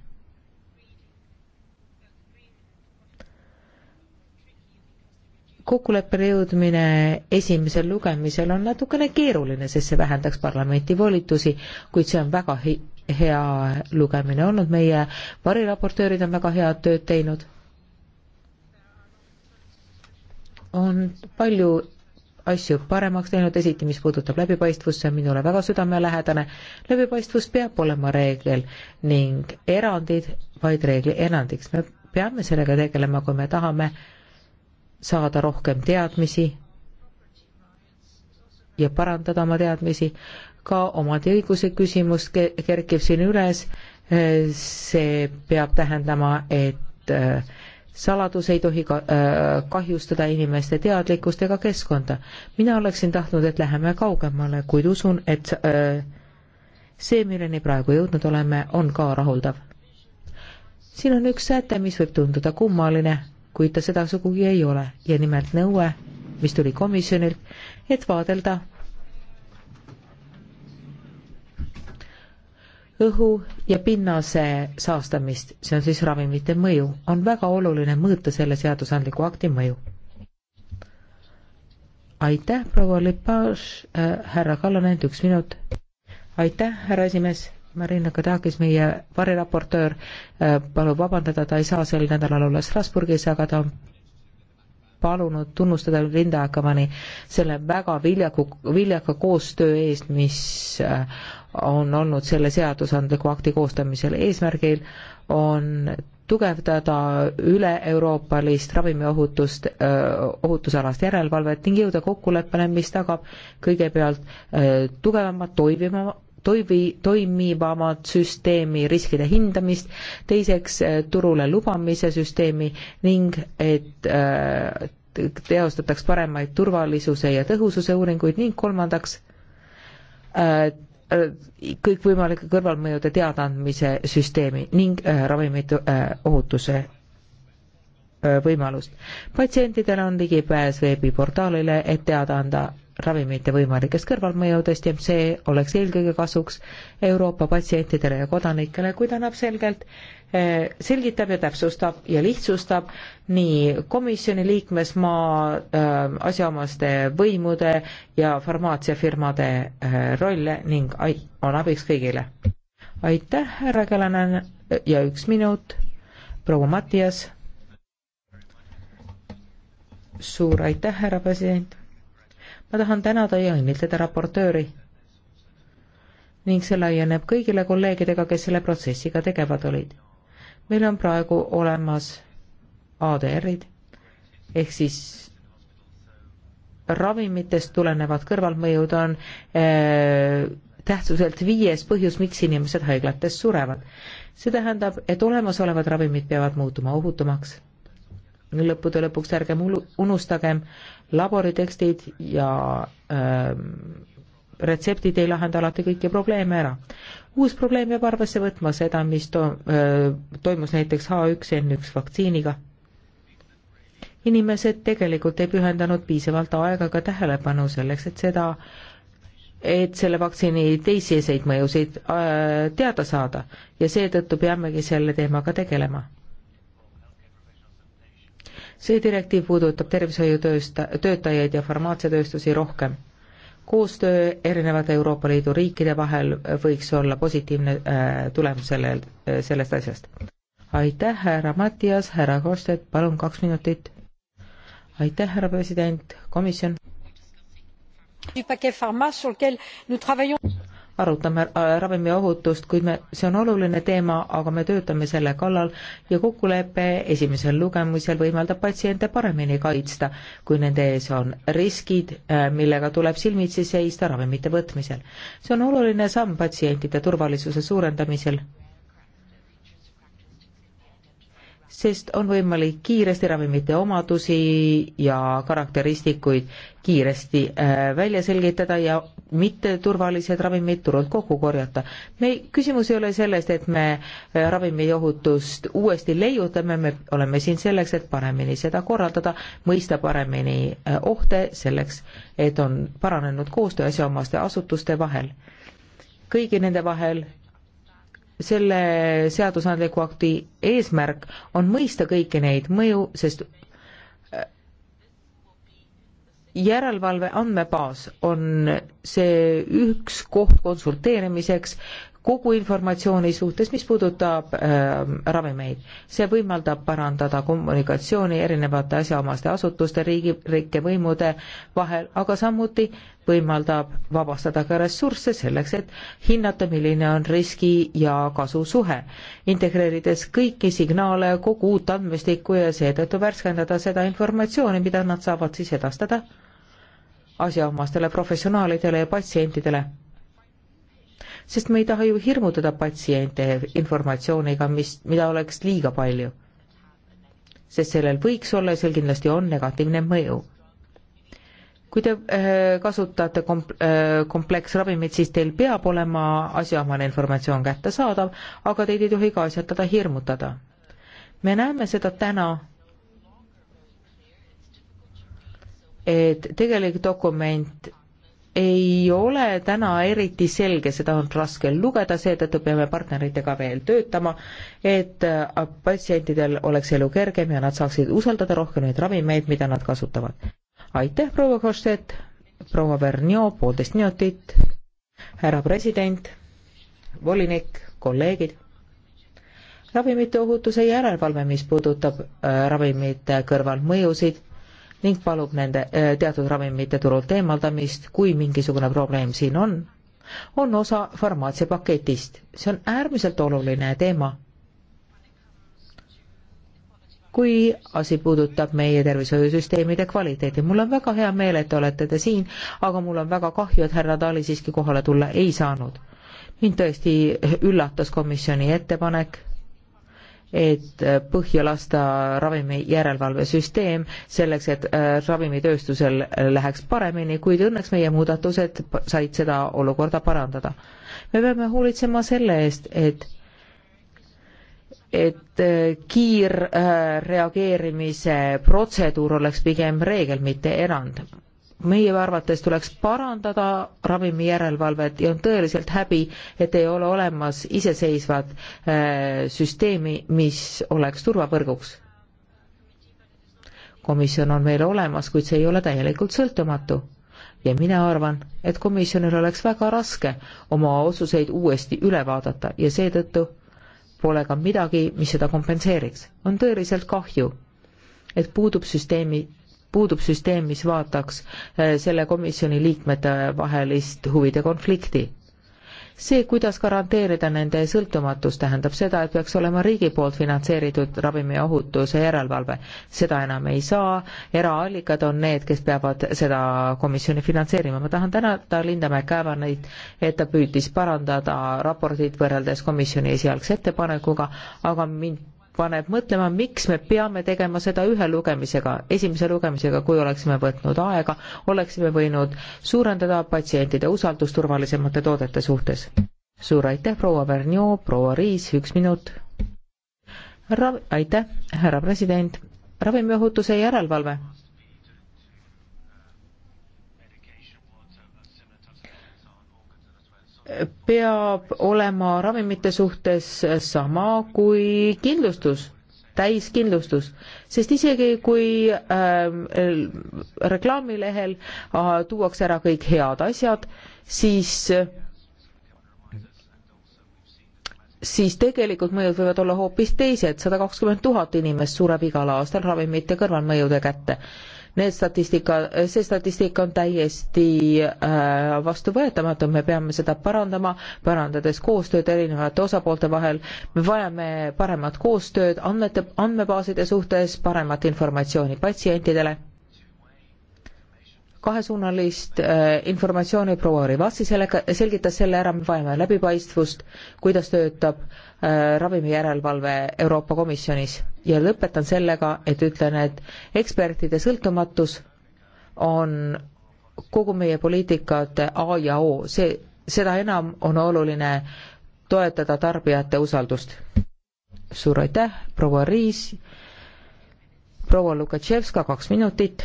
kokkuleppele jõudmine esimesel lugemisel on natukene keeruline, sest see vähendaks parlamenti volitusi, kuid see on väga hi-, hea lugemine olnud, meie variraportöörid on väga head tööd teinud. on palju asju paremaks teinud, esiti mis puudutab läbipaistvust, see on minule väga südamelähedane. läbipaistvus peab olema reegel ning erandid vaid reegli erandiks. me peame sellega tegelema, kui me tahame äh, saada rohkem teadmisi ja parandada oma teadmisi. ka omandiõiguse küsimus kerkib siin üles, see peab tähendama, et äh, saladus ei tohi ka, äh, kahjustada inimeste teadlikkust ega keskkonda. mina oleksin tahtnud, et läheme kaugemale, kuid usun, et äh, see, milleni praegu jõudnud oleme, on ka rahuldav. siin on üks säte, mis võib tunduda kummaline kuid ta seda sugugi ei ole ja nimelt nõue, mis tuli komisjonilt, et vaadelda õhu ja pinnase saastamist, see on siis ravimite mõju, on väga oluline mõõta selle seadusandliku akti mõju. aitäh, proua Lipaž äh,, härra Kallanend, üks minut. aitäh, härra esimees Marina Kadakis, meie variraportöör, äh, palub vabandada, ta ei saa sel nädalal olla Strasbourgis, aga ta on palunud tunnustada Linda Akamani selle väga viljaku, viljaka koostöö eest, mis äh, on olnud selle seadusandliku akti koostamisel. eesmärgil on tugevdada üle-euroopalist ravimiohutust, äh, ohutusalast järelevalvet ning jõuda kokkuleppele, mis tagab kõigepealt öö, tugevamat, toimivama, toivi, toimivamat süsteemi riskide hindamist, teiseks eh, turule lubamise süsteemi ning eh, et teostataks paremaid turvalisuse ja tõhususe uuringuid ning kolmandaks eh, kõikvõimalike kõrvalmõjude teadaandmise süsteemi ning ravimite ohutuse võimalust. patsientidel on ligipääs veebiportaalile, et teada anda ravimite võimalikest kõrvalmõjudest ja see oleks eelkõige kasuks Euroopa patsientidele ja kodanikele, kuid annab selgelt, eh, selgitab ja täpsustab ja lihtsustab nii komisjoni liikmesmaa eh, asjaomaste võimude ja farmaatsiafirmade eh, rolle ning on abiks kõigile. aitäh, härra Kälanen ja üks minut, proua Mattias. suur aitäh, härra president ma tahan tänada ja õnnitleda raportööri ning see laieneb kõigile kolleegidega, kes selle protsessiga tegevad olid. meil on praegu olemas ADR-id ehk siis ravimitest tulenevad kõrvalmõjud on äh, tähtsuselt viies põhjus, miks inimesed haiglates surevad. see tähendab, et olemasolevad ravimid peavad muutuma ohutumaks. lõppude lõpuks ärgem unustagem laboritekstid ja äh, retseptid ei lahenda alati kõiki probleeme ära. uus probleem peab arvesse võtma seda, mis to-, äh, toimus näiteks H1N1 vaktsiiniga. inimesed tegelikult ei pühendanud piisavalt aega ega tähelepanu selleks, et seda, et selle vaktsiini teisi eseid mõjusid äh, teada saada ja seetõttu peamegi selle teemaga tegelema see direktiiv puudutab tervishoiutöösta-, töötajaid ja farmaatsiatööstusi rohkem. koostöö erinevate Euroopa Liidu riikide vahel võiks olla positiivne äh, tulem sellel, äh, sellest asjast. aitäh, härra Mattias, härra Kostet, palun kaks minutit. aitäh, härra president, komisjon arutame äh, ravimiohutust, kuid me, see on oluline teema, aga me töötame selle kallal ja kokkulepe esimesel lugemisel võimaldab patsiente paremini kaitsta, kui nende ees on riskid, äh, millega tuleb silmitsi seista ravimite võtmisel. see on oluline samm patsientide turvalisuse suurendamisel sest on võimalik kiiresti ravimite omadusi ja karakteristikuid kiiresti äh, välja selgitada ja mitteturvalised ravimid turult kokku korjata. me, küsimus ei ole sellest, et me äh, ravimiohutust uuesti leiutame, me oleme siin selleks, et paremini seda korraldada, mõista paremini äh, ohte, selleks et on paranenud koostöö asjaomaste asutuste vahel, kõigi nende vahel selle seadusandliku akti eesmärk on mõista kõiki neid mõju, sest äh, järelevalve andmebaas on see üks koht konsulteerimiseks kogu informatsiooni suhtes, mis puudutab äh, ravimeid. see võimaldab parandada kommunikatsiooni erinevate asjaomaste asutuste, riigi, riike võimude vahel, aga samuti võimaldab vabastada ka ressursse selleks, et hinnata, milline on riski ja kasu suhe, integreerides kõiki signaale, kogu uut andmestikku ja seetõttu värskendada seda informatsiooni, mida nad saavad siis edastada asjaomastele professionaalidele ja patsientidele sest me ei taha ju hirmutada patsiente informatsiooniga, mis, mida oleks liiga palju. sest sellel võiks olla ja seal kindlasti on negatiivne mõju. kui te äh, kasutate komp-, äh, kompleksravimit, siis teil peab olema asjaomane informatsioon kättesaadav, aga teid ei tohi ka asjatada hirmutada. me näeme seda täna et tegelik dokument ei ole täna eriti selge, seda on raske lugeda, seetõttu peame partneritega veel töötama, et äh, patsientidel oleks elu kergem ja nad saaksid usaldada rohkem neid ravimeid, mida nad kasutavad. aitäh, proua Košet, proua Vernio, poolteist minutit, härra president, volinik, kolleegid ravimite ohutuse järelevalve, mis puudutab äh, ravimite kõrvalmõjusid ning palub nende äh, teatud ravimite turult eemaldamist, kui mingisugune probleem siin on, on osa farmaatsiapaketist. see on äärmiselt oluline teema. kui asi puudutab meie tervishoiusüsteemide kvaliteeti, mul on väga hea meel, et te olete te siin, aga mul on väga kahju, et härra Taali siiski kohale tulla ei saanud. mind tõesti üllatas komisjoni ettepanek et äh, põhja lasta ravimijärelevalvesüsteem selleks, et äh, ravimitööstusel läheks paremini, kuid õnneks meie muudatused said seda olukorda parandada. me peame hoolitsema selle eest, et et äh, kiirreageerimise protseduur oleks pigem reegel, mitte erand meie arvates tuleks parandada ravimijärelevalvet ja on tõeliselt häbi, et ei ole olemas iseseisvat äh, süsteemi, mis oleks turvapõrguks. komisjon on meil olemas, kuid see ei ole täielikult sõltumatu. ja mina arvan, et komisjonil oleks väga raske oma otsuseid uuesti üle vaadata ja seetõttu pole ka midagi, mis seda kompenseeriks. on tõeliselt kahju, et puudub süsteemi puudub süsteem, mis vaataks eh, selle komisjoni liikmete vahelist huvide konflikti. see, kuidas garanteerida nende sõltumatust, tähendab seda, et peaks olema riigi poolt finantseeritud ravimiohutuse järelevalve. seda enam ei saa, eraallikad on need, kes peavad seda komisjoni finantseerima. ma tahan tänada Linda McCavanit, et ta püüdis parandada raportit võrreldes komisjoni esialgse ettepanekuga, aga mind paneb mõtlema, miks me peame tegema seda ühe lugemisega, esimese lugemisega, kui oleksime võtnud aega, oleksime võinud suurendada patsientide usaldust turvalisemate toodete suhtes. suur aitäh, proua Vernio, proua Riis, üks minut. Ra-, aitäh, härra president, ravimiohutuse järelevalve peab olema ravimite suhtes sama kui kindlustus, täiskindlustus, sest isegi kui äh, reklaamilehel äh, tuuakse ära kõik head asjad, siis äh, siis tegelikult mõjud võivad olla hoopis teised, sada kakskümmend tuhat inimest sureb igal aastal ravimite kõrvalmõjude kätte Need statistika, see statistika on täiesti äh, vastuvõetamatu, me peame seda parandama, parandades koostööd erinevate osapoolte vahel. me vajame paremat koostööd andmete, andmebaaside suhtes, paremat informatsiooni patsientidele kahesuunalist äh, informatsiooni proua Rivasi sellega, selgitas selle ära, me vajame läbipaistvust, kuidas töötab äh, ravimijärelevalve Euroopa Komisjonis ja lõpetan sellega, et ütlen, et ekspertide sõltumatus on kogu meie poliitikate A ja O, see, seda enam on oluline toetada tarbijate usaldust. suur aitäh, proua Riis, proua Lukatševska, kaks minutit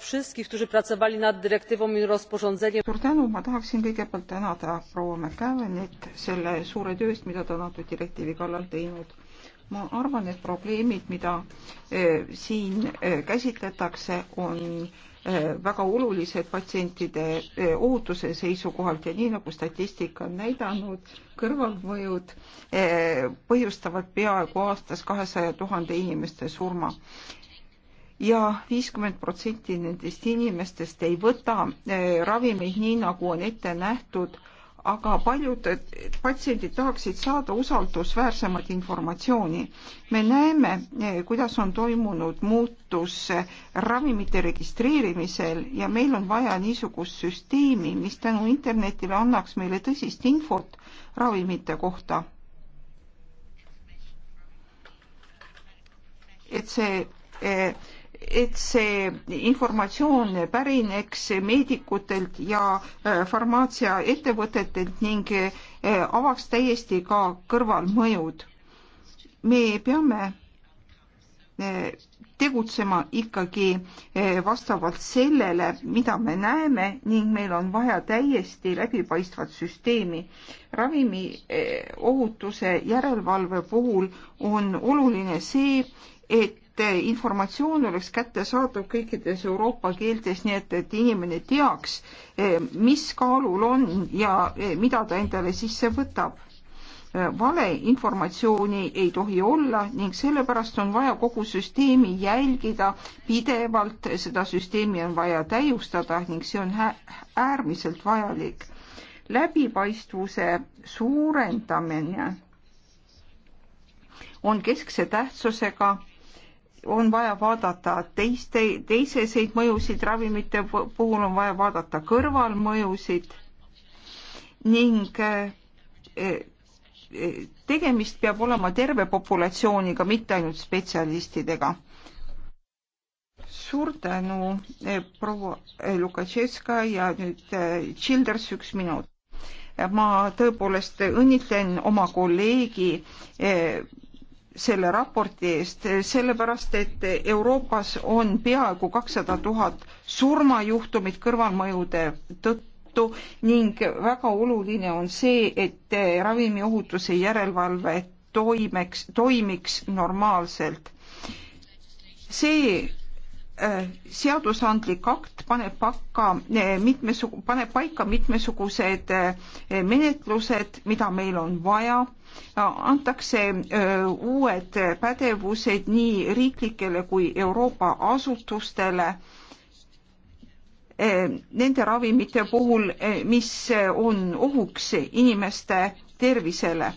wszystkich którzy pracowali nad dyrektywą i rozporządzeniem. suur tänu ma tahaksin kõigepealt tänada proua mcavanit selle suure töö eest mida ta on antud direktiivi kallal teinud ma arvan et probleemid mida eh, siin eh, käsitletakse on eh, väga olulised patsientide eh, ohutuse seisukohalt ja nii nagu statistika on näidanud kõrvalmõjud eh, põhjustavad peaaegu aastas kahesaja tuhande inimeste surma ja viiskümmend protsenti nendest inimestest ei võta eh, ravimeid nii, nagu on ette nähtud, aga paljud eh, patsiendid tahaksid saada usaldusväärsemat informatsiooni. me näeme, eh, kuidas on toimunud muutus ravimite registreerimisel ja meil on vaja niisugust süsteemi, mis tänu internetile annaks meile tõsist infot ravimite kohta et see et see informatsioon pärineks meedikutelt ja äh, farmaatsiaettevõtetelt ning äh, avaks täiesti ka kõrvalmõjud. me peame äh, tegutsema ikkagi vastavalt sellele, mida me näeme ning meil on vaja täiesti läbipaistvat süsteemi. ravimiohutuse järelevalve puhul on oluline see, et et informatsioon oleks kättesaadav kõikides Euroopa keeltes, nii et, et inimene teaks, eh, mis kaalul on ja eh, mida ta endale sisse võtab. Eh, valeinformatsiooni ei tohi olla ning sellepärast on vaja kogu süsteemi jälgida pidevalt, seda süsteemi on vaja täiustada ning see on äärmiselt vajalik. läbipaistvuse suurendamine on keskse tähtsusega on vaja vaadata teiste, teiseseid mõjusid, ravimite puhul on vaja vaadata kõrvalmõjusid ning eh, eh, tegemist peab olema terve populatsiooniga, mitte ainult spetsialistidega. suur tänu, eh, proua Lukatšeska ja nüüd Childers üks minut. ma tõepoolest õnnitlen oma kolleegi selle raporti eest, sellepärast et Euroopas on peaaegu kakssada tuhat surmajuhtumit kõrvalmõjude tõttu ning väga oluline on see, et ravimiohutuse järelevalve toimeks, toimiks normaalselt. see Äh, seadusandlik akt paneb pakka äh, mitmesugu-, paneb paika mitmesugused äh, menetlused, mida meil on vaja, antakse uued pädevused nii riiklikele kui Euroopa asutustele nende ravimite puhul, mis on ohuks inimeste tervisele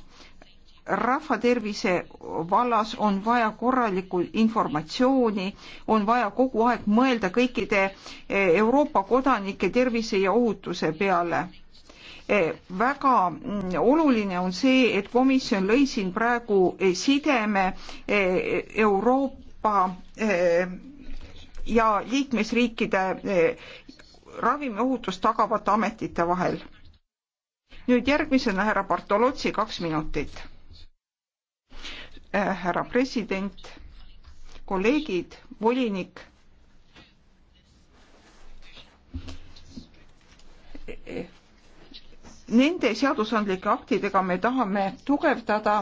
rahvatervise vallas on vaja korralikku informatsiooni, on vaja kogu aeg mõelda kõikide eh, Euroopa kodanike tervise ja ohutuse peale. Eh, väga mm, oluline on see, et komisjon lõi siin praegu eh, sideme Euroopa ja liikmesriikide ravimiohutust tagavate ametite vahel nüüd järgmisena härra Bartolozzi kaks minutit Äh, härra president, kolleegid, volinik. Nende seadusandlike aktidega me tahame tugevdada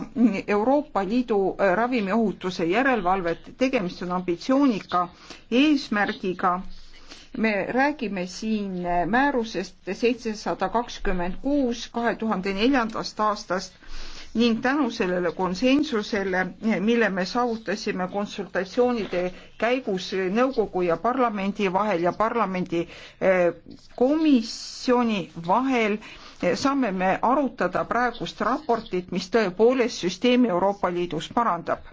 Euroopa Liidu äh, ravimiohutuse järelevalvet, tegemist on ambitsioonika eesmärgiga me räägime siin äh, määrusest seitsesada kakskümmend kuus kahe tuhande neljandast aastast ning tänu sellele konsensusele, mille me saavutasime konsultatsioonide käigus nõukogu ja parlamendi vahel ja parlamendi eh, komisjoni vahel, eh, saame me arutada praegust raportit, mis tõepoolest süsteemi Euroopa Liidus parandab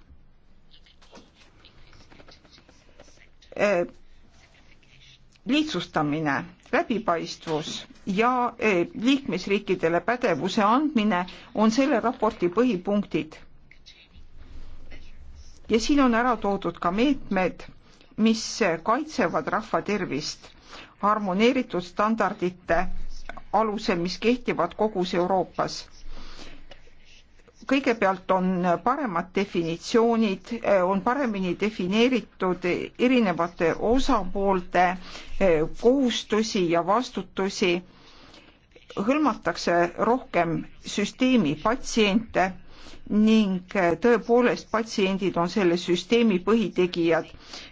eh, lihtsustamine, läbipaistvus, ja eh, liikmesriikidele pädevuse andmine on selle raporti põhipunktid. ja siin on ära toodud ka meetmed, mis kaitsevad rahva tervist harmoneeritud standardite alusel, mis kehtivad kogus Euroopas. kõigepealt on paremad definitsioonid, eh, on paremini defineeritud erinevate osapoolte eh, kohustusi ja vastutusi hõlmatakse rohkem süsteemi patsiente ning tõepoolest patsiendid on selle süsteemi põhitegijad.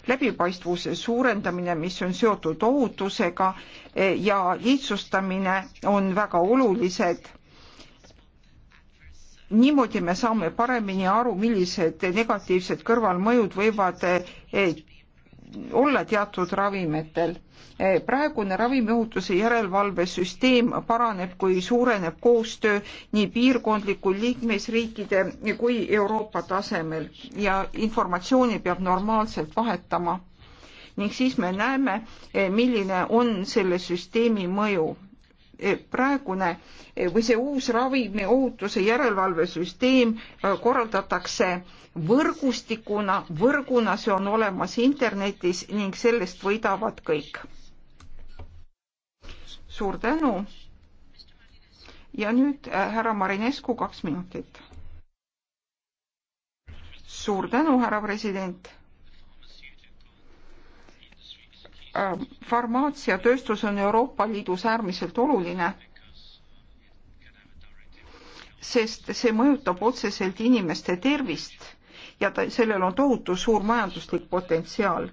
läbipaistvuse suurendamine, mis on seotud ohutusega ja lihtsustamine on väga olulised. niimoodi me saame paremini aru, millised negatiivsed kõrvalmõjud võivad olla teatud ravimitel. Eh, praegune ravimiohutuse järelevalvesüsteem paraneb, kui suureneb koostöö nii piirkondlikul liikmesriikide kui Euroopa tasemel ja informatsiooni peab normaalselt vahetama. ning siis me näeme, eh, milline on selle süsteemi mõju Eh, praegune eh, või see uus ravimiohutuse järelevalvesüsteem eh, korraldatakse võrgustikuna, võrguna, see on olemas internetis ning sellest võidavad kõik. suur tänu. ja nüüd härra Marinescu kaks minutit. suur tänu, härra president Äh, farmaatsiatööstus on Euroopa Liidus äärmiselt oluline, sest see mõjutab otseselt inimeste tervist ja ta, sellel on tohutu suur majanduslik potentsiaal.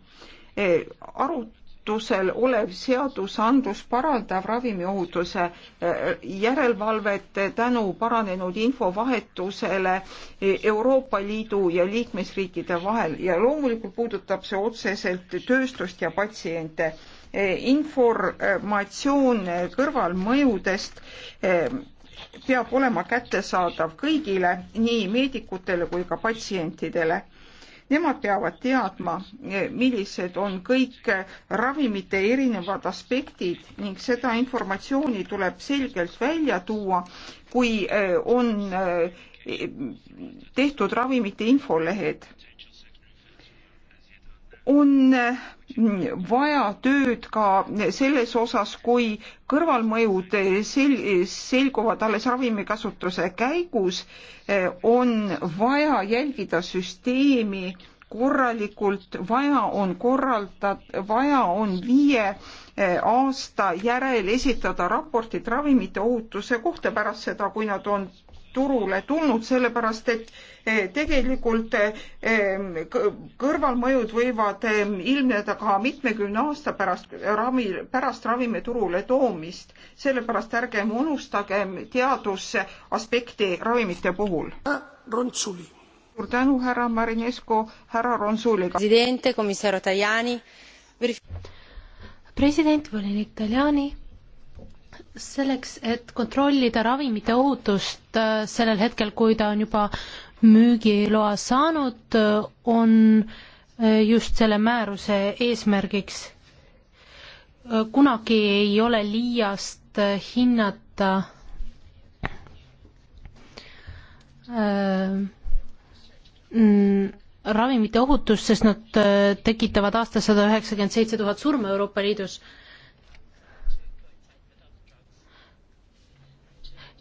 Äh, aru, kasutusel olev seadusandlus parandab ravimiohutuse eh, järelevalvet tänu paranenud infovahetusele eh, Euroopa Liidu ja liikmesriikide vahel ja loomulikult puudutab see otseselt tööstust ja patsiente. Eh, informatsioon kõrvalmõjudest peab olema kättesaadav kõigile, nii meedikutele kui ka patsientidele Nemad peavad teadma, millised on kõik ravimite erinevad aspektid ning seda informatsiooni tuleb selgelt välja tuua, kui eh, on eh, tehtud ravimite infolehed on mm, vaja tööd ka selles osas, kui kõrvalmõjud sel-, selguvad alles ravimikasutuse käigus, eh, on vaja jälgida süsteemi korralikult, vaja on korraldada, vaja on viie eh, aasta järel esitada raportid ravimite ohutuse kohta pärast seda, kui nad on turule tulnud, sellepärast et eh, tegelikult eh, kõrvalmõjud võivad eh, ilmneda ka mitmekümne aasta pärast ravi, pärast ravimiturule toomist. sellepärast ärgem unustagem teaduse aspekti ravimite puhul. Rontsuli suur tänu härra Marinescu, härra Ronsuliga. president, komissar Tajani. president, volinik Tajani selleks, et kontrollida ravimite ohutust äh, sellel hetkel, kui ta on juba müügiloa saanud, äh, on äh, just selle määruse eesmärgiks. kunagi ei ole liiast hinnata mm, ravimite ohutust, sest nad tekitavad aastas sada üheksakümmend seitse tuhat surma Euroopa Liidus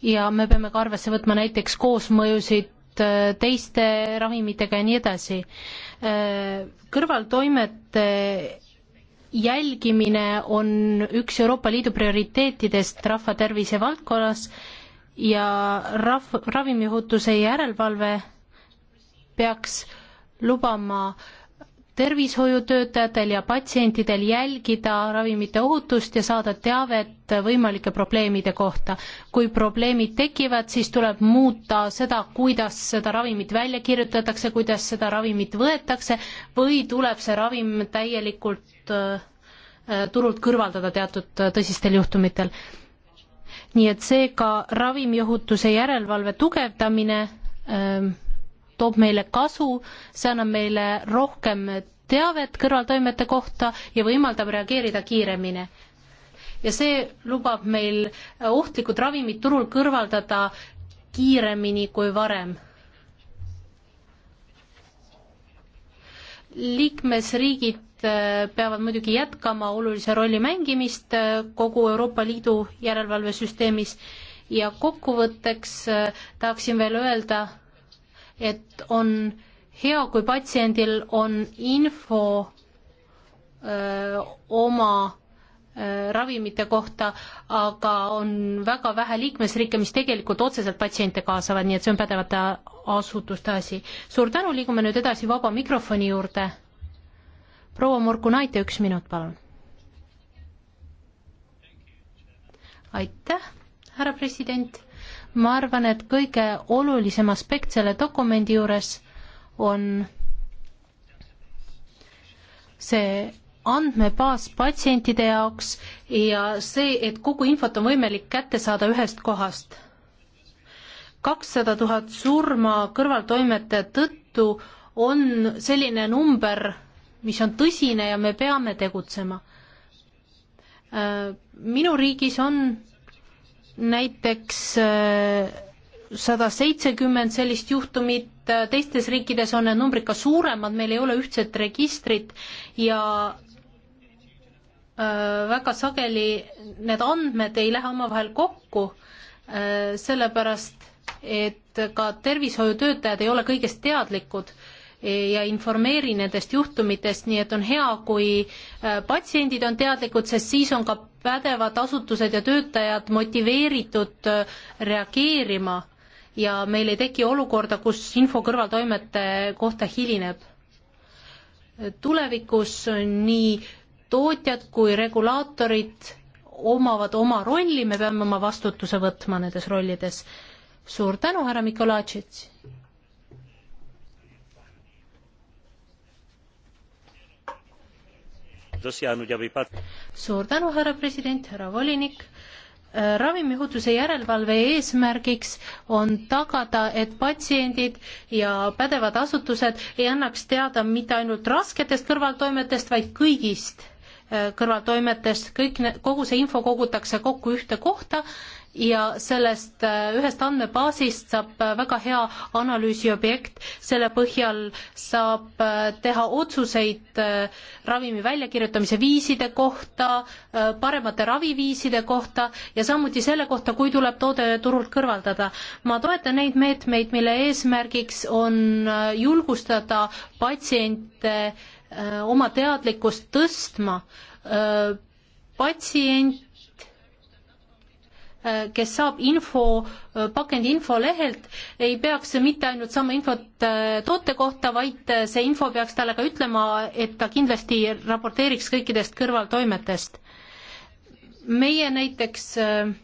ja me peame ka arvesse võtma näiteks koosmõjusid äh, teiste ravimitega ja nii edasi. Äh, kõrvaltoimete jälgimine on üks Euroopa Liidu prioriteetidest rahvatervise valdkonnas ja rahv-, ravimiohutuse järelevalve peaks lubama tervishoiutöötajatel ja patsientidel jälgida ravimite ohutust ja saada teavet võimalike probleemide kohta. kui probleemid tekivad, siis tuleb muuta seda, kuidas seda ravimit välja kirjutatakse, kuidas seda ravimit võetakse või tuleb see ravim täielikult äh, turult kõrvaldada teatud äh, tõsistel juhtumitel. nii et seega ravimiohutuse järelevalve tugevdamine öö, ähm, toob meile kasu, see annab meile rohkem teavet kõrvaltoimete kohta ja võimaldab reageerida kiiremini. ja see lubab meil ohtlikud ravimid turul kõrvaldada kiiremini kui varem. liikmesriigid äh, peavad muidugi jätkama olulise rolli mängimist äh, kogu Euroopa Liidu järelevalvesüsteemis ja kokkuvõtteks äh, tahaksin veel öelda, et on hea, kui patsiendil on info öö, oma öö, ravimite kohta, aga on väga vähe liikmesriike, mis tegelikult otseselt patsiente kaasavad, nii et see on pädevate asutuste asi. suur tänu, liigume nüüd edasi vaba mikrofoni juurde. proua Morkunaite, üks minut, palun. aitäh, härra president ma arvan, et kõige olulisem aspekt selle dokumendi juures on see andmebaas patsientide jaoks ja see, et kogu infot on võimalik kätte saada ühest kohast. kakssada tuhat surma kõrvaltoimete tõttu on selline number, mis on tõsine ja me peame tegutsema. Äh, minu riigis on näiteks äh, sada seitsekümmend sellist juhtumit, äh, teistes riikides on need numbrid ka suuremad, meil ei ole ühtset registrit ja äh, väga sageli need andmed ei lähe omavahel kokku, sellepärast et ka tervishoiutöötajad ei ole kõigest teadlikud ja informeeri nendest juhtumitest, nii et on hea, kui äh, patsiendid on teadlikud, sest siis on ka pädevad asutused ja töötajad motiveeritud äh, reageerima ja meil ei teki olukorda, kus info kõrvaltoimete kohta hilineb. tulevikus nii tootjad kui regulaatorid omavad oma rolli, me peame oma vastutuse võtma nendes rollides. suur tänu, härra Mikolajtšits! dosiahnuť, aby pat-. suur tänu, härra president, härra volinik äh, ravimiohutuse järelevalve eesmärgiks on tagada, et patsiendid ja pädevad asutused ei annaks teada mitte ainult rasketest kõrvaltoimetest, vaid kõigist äh, kõrvaltoimetest, kõik, kogu see info kogutakse kokku ühte kohta ja sellest äh, ühest andmebaasist saab äh, väga hea analüüsi objekt, selle põhjal saab äh, teha otsuseid ravimi väljakirjutamise viiside kohta, paremate raviviiside kohta ja samuti selle kohta, kui tuleb toode turult kõrvaldada. ma toetan neid meetmeid, mille eesmärgiks on julgustada patsiente oma teadlikkust tõstma. patsient kes saab info, pakendi infolehelt, ei peaks mitte ainult saama infot äh, toote kohta, vaid äh, see info peaks talle ka ütlema, et ta kindlasti raporteeriks kõikidest kõrvaltoimetest. meie näiteks äh,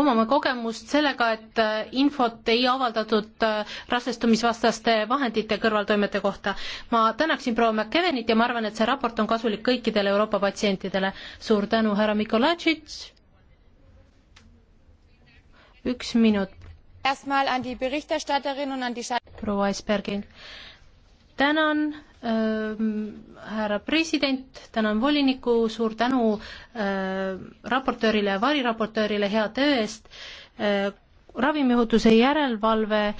omame kogemust sellega, et infot ei avaldatud rasestumisvastaste vahendite kõrvaltoimete kohta. ma tänaksin proua McEvenit ja ma arvan, et see raport on kasulik kõikidele Euroopa patsientidele. suur tänu, härra Mikolajtšitš üks minut. proua Esbergi, tänan äh,, härra president, tänan volinikku, suur tänu äh, raportöörile ja variraportöörile hea töö eest äh,. ravimiohutuse järelevalve äh,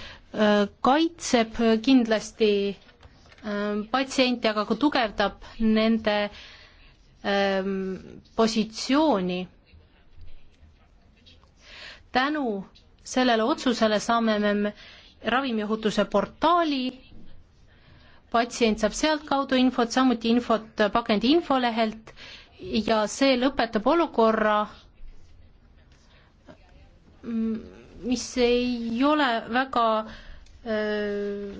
kaitseb kindlasti äh, patsiente, aga ka tugevdab nende äh, positsiooni tänu sellele otsusele saame me ravimiohutuse portaali, patsient saab sealtkaudu infot, samuti infot pakendi infolehelt ja see lõpetab olukorra, mis ei ole väga öö,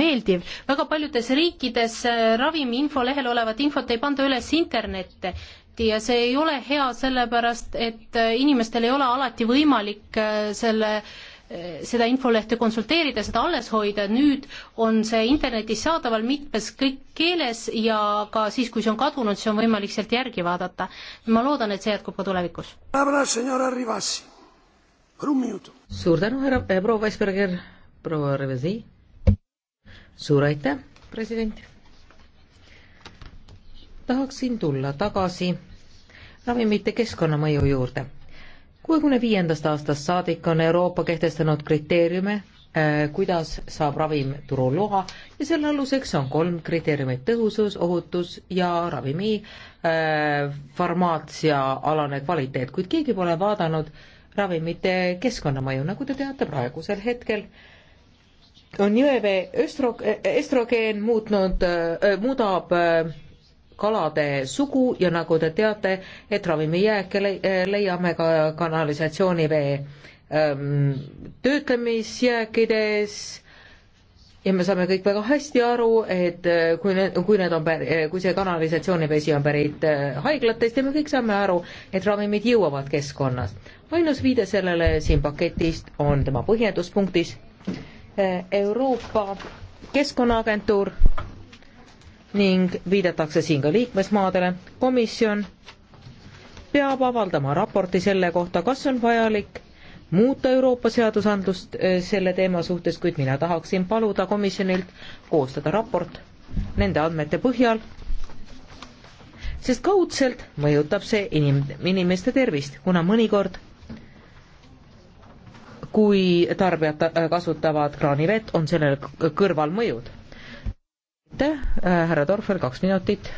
meeldiv. väga paljudes riikides äh, ravimi infolehel olevat infot ei panda üles internette lahti ja see ei ole hea, sellepärast et äh, inimestel ei ole alati võimalik äh, selle äh, seda infolehte konsulteerida, seda alles hoida, nüüd on see internetis saadaval mitmes kõik keeles ja ka siis, kui see on kadunud, siis on võimalik sealt järgi vaadata. ma loodan, et see jätkub ka tulevikus. suur tänu, härra eh, proua Weisberger, proua Rivasi. suur aitäh, president. tahaksin tulla tagasi ravimite keskkonnamõju juurde. kuuekümne viiendast aastast saadik on Euroopa kehtestanud kriteeriume, äh, kuidas saab ravim turuloa ja selle aluseks on kolm kriteeriumit, tõhusus, ohutus ja ravimi äh, farmaatsiaalane kvaliteet, kuid keegi pole vaadanud ravimite keskkonnamõju, nagu te teate, praegusel hetkel on jõevee östro-, estrogeen muutnud, äh, muudab öö, kalade sugu ja nagu te teate, et ravimijääke eh, leiame ka kanalisatsioonivee ehm, töötlemisjääkides ja me saame kõik väga hästi aru, et eh, kui need, kui need on, eh, kui see kanalisatsioonivesi on pärit haiglatest ja me kõik saame aru, et ravimid jõuavad keskkonnast. ainus viide sellele siin paketist on tema põhjenduspunktis Euroopa Keskkonnaagentuur ning viidatakse siin ka liikmesmaadele, komisjon peab avaldama raporti selle kohta, kas on vajalik muuta Euroopa seadusandlust äh, selle teema suhtes, kuid mina tahaksin paluda komisjonilt koostada raport nende andmete põhjal, sest kaudselt mõjutab see inim-, inimeste tervist, kuna mõnikord kui tarbijad kasutavad kraanivett, on sellel kõrvalmõjud aitäh, äh, härra Torfer, kaks minutit.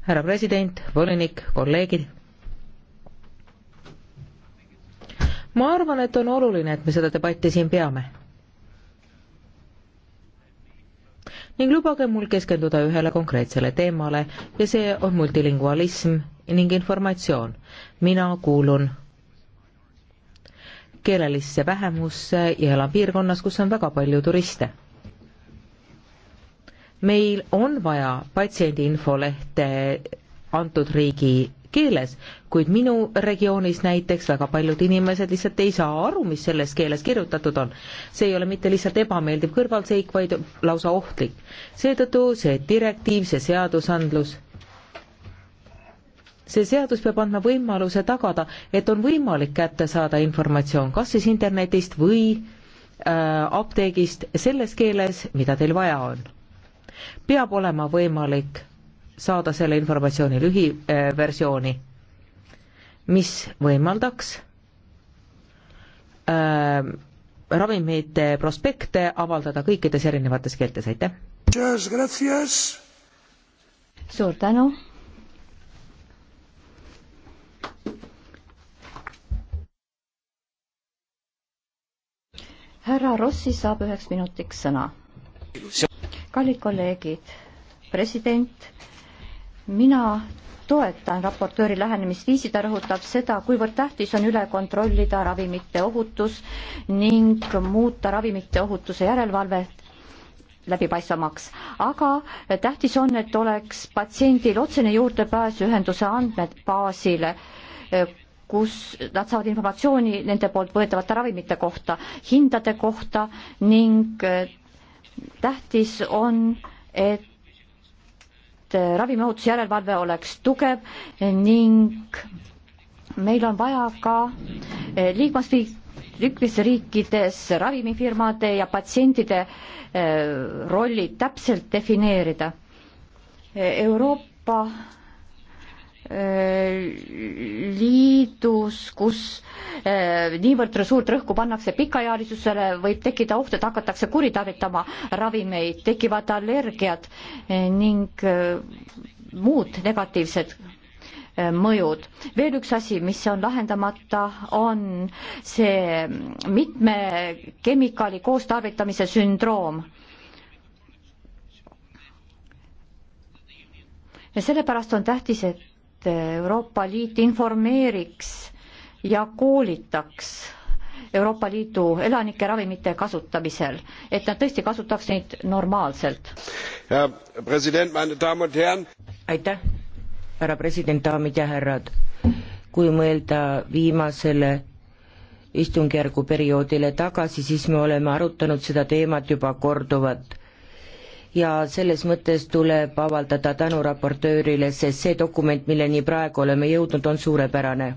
härra president, volinik, kolleegid. ma arvan, et on oluline, et me seda debatti siin peame. ning lubage mul keskenduda ühele konkreetsele teemale ja see on multilingualism ning informatsioon. mina kuulun keelelisse vähemusse ja elan piirkonnas, kus on väga palju turiste. meil on vaja patsiendi infolehte antud riigi keeles, kuid minu regioonis näiteks väga paljud inimesed lihtsalt ei saa aru, mis selles keeles kirjutatud on. see ei ole mitte lihtsalt ebameeldiv kõrvalseik, vaid lausa ohtlik. seetõttu see direktiiv, see seadusandlus see seadus peab andma võimaluse tagada, et on võimalik kätte saada informatsioon kas siis internetist või äh, apteegist selles keeles, mida teil vaja on. peab olema võimalik saada selle informatsiooni lühiversiooni äh,, mis võimaldaks äh, ravimite prospekte avaldada kõikides erinevates keeltes, aitäh! suur tänu! härra Rossi saab üheks minutiks sõna. kallid kolleegid, president, mina toetan raportööri lähenemisviisi, ta rõhutab seda, kuivõrd tähtis on üle kontrollida ravimite ohutus ning muuta ravimite ohutuse järelevalvet läbipaistvamaks, aga tähtis on, et oleks patsiendil otsene juurdepääs ühenduse andmebaasile kus nad saavad informatsiooni nende poolt võetavate ravimite kohta, hindade kohta ning eh, tähtis on, et eh, ravimiohutuse järelevalve oleks tugev ning meil on vaja ka eh, liikmesriik, liikmesriikides ravimifirmade ja patsientide rollid täpselt defineerida. Euroopa liidus, kus eh, niivõrd suurt rõhku pannakse pikaealisusele, võib tekkida oht, et hakatakse kuritarvitama ravimeid, tekivad allergiad eh, ning eh, muud negatiivsed mõjud. veel üks asi, mis on lahendamata, on see mitme kemikaali koostarvitamise sündroom ja sellepärast on tähtis, et et Euroopa Liit informeeriks ja koolitaks Euroopa Liidu elanike ravimite kasutamisel, et nad tõesti kasutaks neid normaalselt. aitäh, härra president, daamid ja härrad. kui mõelda viimasele istungjärgu perioodile tagasi, siis me oleme arutanud seda teemat juba korduvalt ja selles mõttes tuleb avaldada tänu raportöörile, sest see dokument, milleni praegu oleme jõudnud, on suurepärane.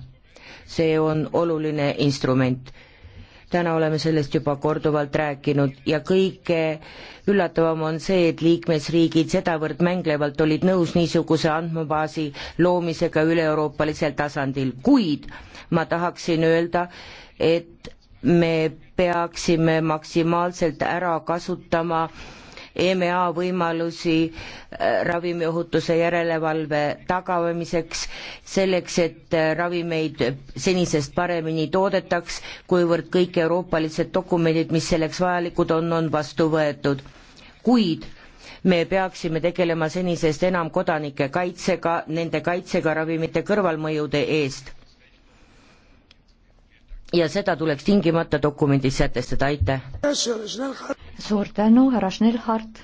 see on oluline instrument. täna oleme sellest juba korduvalt rääkinud ja kõige üllatavam on see, et liikmesriigid sedavõrd mänglevalt olid nõus niisuguse andmebaasi loomisega üle-euroopalisel tasandil, kuid ma tahaksin öelda, et me peaksime maksimaalselt ära kasutama äh, EMEA võimalusi äh, ravimiohutuse järelevalve tagamiseks, selleks, et äh, ravimeid senisest paremini toodetaks, kuivõrd kõik euroopalised dokumendid, mis selleks vajalikud on, on vastu võetud. kuid me peaksime tegelema senisest enam kodanike kaitsega, nende kaitsega ravimite kõrvalmõjude eest ja seda tuleks tingimata dokumendis sätestada, aitäh. suur tänu, härra Schnellhardt.